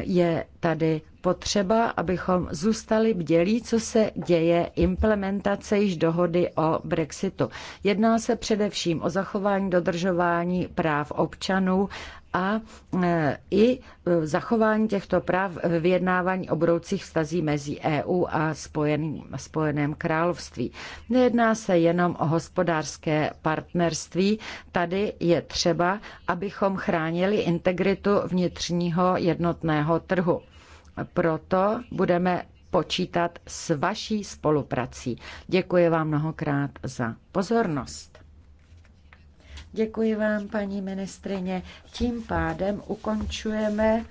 je tady potřeba, abychom zůstali bdělí, co se děje implementace již dohody o Brexitu. Jedná se především o zachování dodržování práv občanů a e, i e, zachování těchto práv v vyjednávání o budoucích vztazí mezi EU a spojeným, Spojeném království. Nejedná se jenom o hospodářské partnerství. Tady je třeba, abychom chránili integritu vnitřního jednotného trhu. Proto budeme počítat s vaší spoluprací. Děkuji vám mnohokrát za pozornost. Děkuji vám, paní ministrině. Tím pádem ukončujeme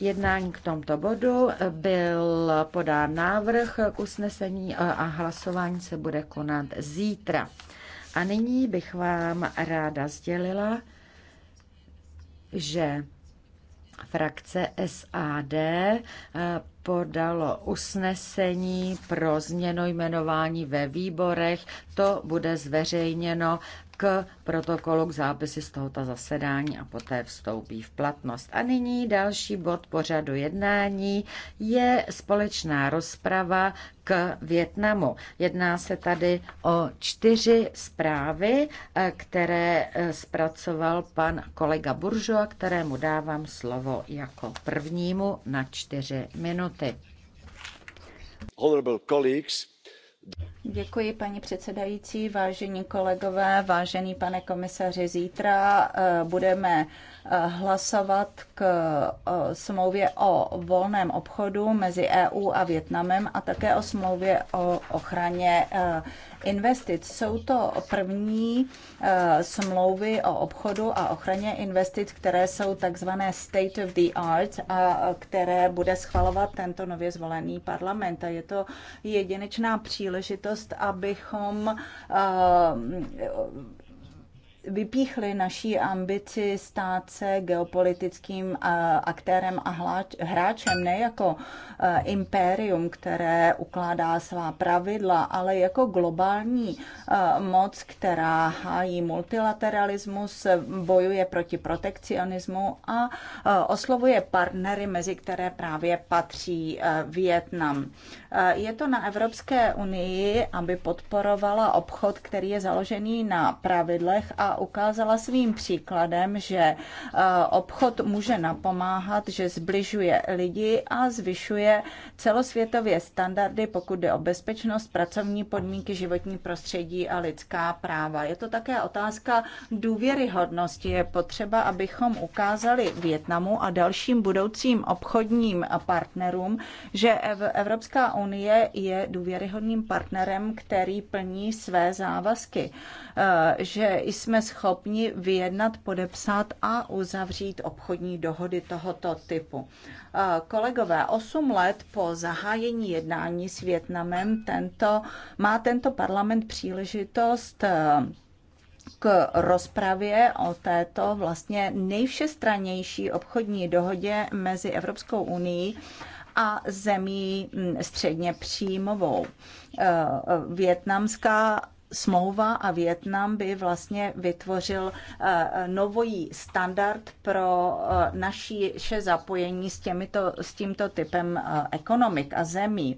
jednání k tomto bodu. Byl podán návrh k usnesení a hlasování se bude konat zítra. A nyní bych vám ráda sdělila, že frakce SAD eh, podalo usnesení pro změnu jmenování ve výborech. To bude zveřejněno k protokolu k zápisy z tohoto zasedání a poté vstoupí v platnost. A nyní další bod pořadu jednání je společná rozprava k Větnamu. Jedná se tady o čtyři zprávy, eh, které eh, zpracoval pan kolega Buržo, kterému dávám slovo jako prvnímu na čtyři minuty. Honorable colleagues, Děkuji, paní předsedající, vážení kolegové, vážený pane komisaři. Zítra eh, budeme hlasovat k smlouvě o volném obchodu mezi EU a Větnamem a také o smlouvě o ochraně e, investic. Jsou to první e, smlouvy o obchodu a ochraně investic, které jsou takzvané state of the art a které bude schvalovat tento nově zvolený parlament. A je to jedinečná příležitost, abychom e, vypíchli naší ambici stát se geopolitickým eh, aktérem a hráčem, ne jako eh, impérium, které ukládá svá pravidla, ale jako globální eh, moc, která hájí multilateralismus, bojuje proti protekcionismu a oslovuje partnery, mezi které právě patří Vietnam. Eh, je to na Evropské unii, aby podporovala obchod, který je založený na pravidlech a ukázala svým příkladem, že eh, obchod může napomáhat, že zbližuje lidi a zvyšuje celosvětově standardy, pokud jde o bezpečnost, pracovní podmínky, životní prostředí a lidská práva. Je to také otázka důvěryhodnosti. Je potřeba, abychom ukázali Větnamu a dalším budoucím obchodním partnerům, že Evropská unie je důvěryhodným partnerem, který plní své závazky, eh, že jsme schopni vyjednat, podepsat a uzavřít obchodní dohody tohoto typu. Eh, kolegové, 8 let po zahájení jednání s Větnamem tento, má tento parlament příležitost eh, k rozpravě o této vlastně nejvšestranější obchodní dohodě mezi Evropskou unii a zemí mm, středně příjmovou. Eh, eh, Větnamská smlouva a Větnam by vlastně vytvořil eh, nový standard pro eh, naše zapojení s, těmito, s tímto typem eh, ekonomik a zemí.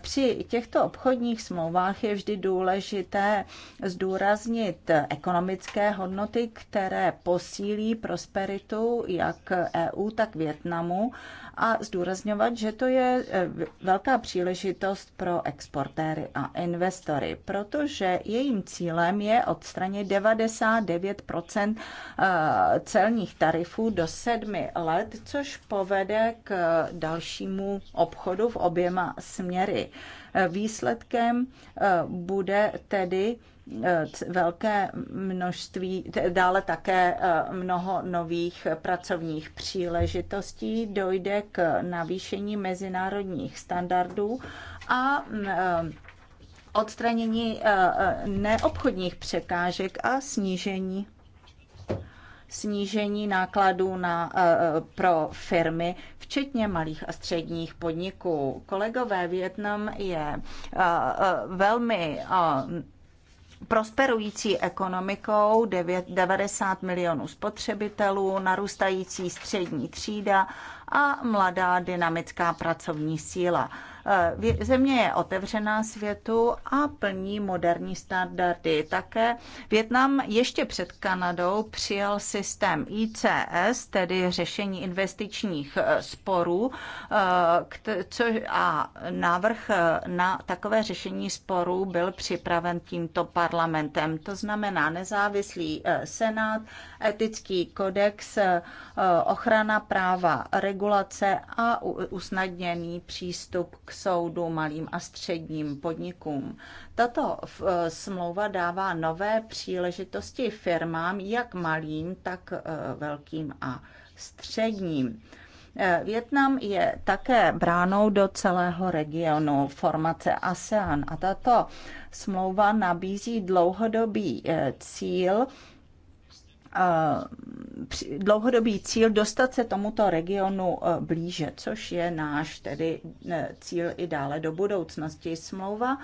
Při těchto obchodních smlouvách je vždy důležité zdůraznit ekonomické hodnoty, které posílí prosperitu jak EU, tak Větnamu a zdůrazňovat, že to je velká příležitost pro exportéry a investory, protože že jejím cílem je odstranit 99 eh, celních tarifů do sedmi let, což povede k dalšímu obchodu v oběma směry. Eh, výsledkem eh, bude tedy velké množství, dále také mnoho nových pracovních příležitostí, dojde k navýšení mezinárodních standardů a odstranění eh, eh, neobchodních překážek a snížení snížení nákladů na, eh, pro firmy, včetně malých a středních podniků. Kolegové, Větnam je velmi prosperující ekonomikou, 9, 90 milionů spotřebitelů, narůstající střední třída a mladá dynamická pracovní síla. Eh, země je otevřená světu a plní moderní standardy. Také Větnam ještě před Kanadou přijal systém ICS, tedy řešení investičních eh, sporů, eh, a návrh na takové řešení sporů byl připraven tímto parlamentem. To znamená nezávislý senát, etický kodex, ochrana práva regulace a usnadněný přístup k soudu, malým a středním podnikům. Tato eh, smlouva dává nové příležitosti firmám, jak malým, tak eh, velkým a středním. Eh, Větnam je také bránou do celého regionu formace ASEAN a tato smlouva nabízí dlouhodobý cíl Eh, dlouhodobý cíl dostat se tomuto regionu eh, blíže, což je náš tedy eh, cíl i dále do budoucnosti. Smlouva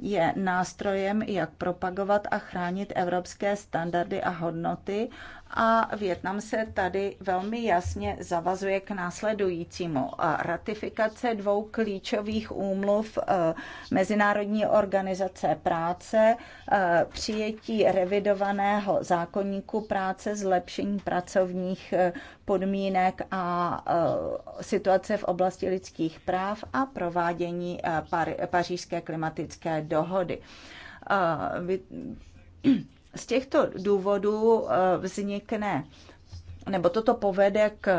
je nástrojem, jak propagovat a chránit evropské standardy a hodnoty a Větnam se tady velmi jasně zavazuje k následujícímu. Ratifikace dvou klíčových úmluv eh, Mezinárodní organizace práce, eh, přijetí revidovaného zákonníku práce, zlepšení pracovních eh, podmínek a situace v oblasti lidských práv a provádění pařížské klimatické dohody z těchto důvodů eh, vznikne, nebo toto povede k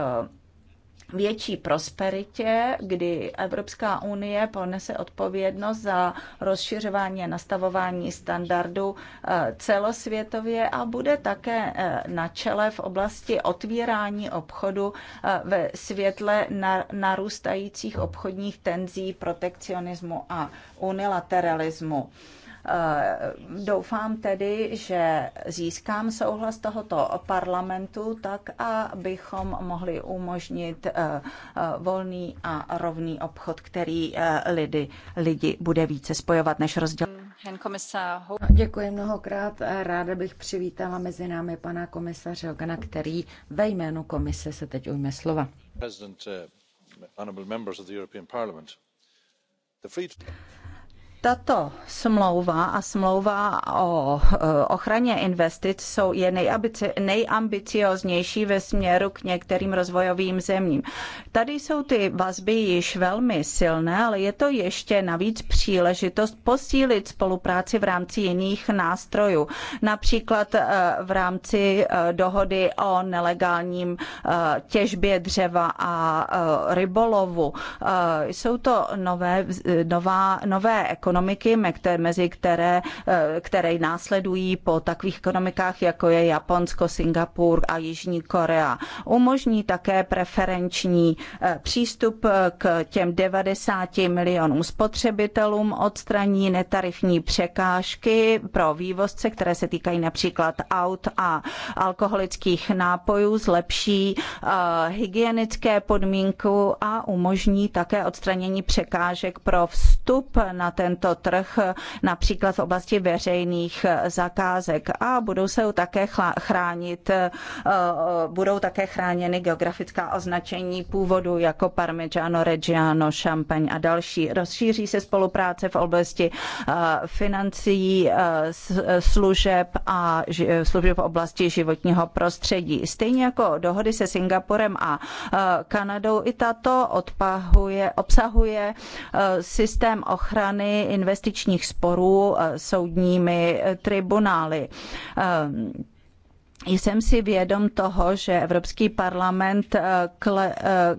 větší prosperitě, kdy Evropská unie ponese odpovědnost za rozšiřování a nastavování standardů eh, celosvětově a bude také eh, na čele v oblasti otvírání obchodu ve světle narůstajících obchodních tenzí, protekcionismu a unilateralismu. Eh, doufám tedy, že získám souhlas tohoto parlamentu tak, abychom mohli umožnit eh, eh, volný a rovný obchod, který lidi, lidi bude více spojovat než rozdělovat. Děkuji mnohokrát. Ráda bych přivítala mezi námi pana komisaře Hogana, který ve jménu komise se teď ujme slova. President, uh, honorable members of the European Parliament. The free... Tato smlouva a smlouva o e, ochraně investic jsou, je nejambici, nejambicioznější ve směru k některým rozvojovým zemím. Tady jsou ty vazby již velmi silné, ale je to ještě navíc příležitost posílit spolupráci v rámci jiných nástrojů, například e, v rámci e, dohody o nelegálním těžbě dřeva a rybolovu. Jsou to nové, nová, nové ekonomické ekonomiky, mezi které, eh, které následují po takových ekonomikách, jako je Japonsko, Singapur a Jižní Korea. Umožní také preferenční eh, přístup eh, k těm 90 milionům spotřebitelům, odstraní netarifní překážky pro vývozce, které se týkají například aut a alkoholických nápojů, zlepší hygienické podmínky a umožní také odstranění překážek pro vstup na ten tento trh, například v oblasti veřejných zakázek. A budou se také chránit, eh, budou také chráněny geografická označení původu jako Parmigiano, Reggiano, Champagne a další. Rozšíří se spolupráce v oblasti eh, financí, eh, služeb a služeb v oblasti životního prostředí. Stejně jako dohody se Singapurem a Kanadou, i tato odpahuje, obsahuje systém ochrany investičních sporů eh, soudními eh, tribunály. Eh, jsem si vědom toho, že Evropský parlament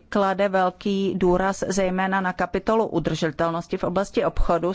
klade velký důraz zejména na kapitolu udržitelnosti v oblasti obchodu.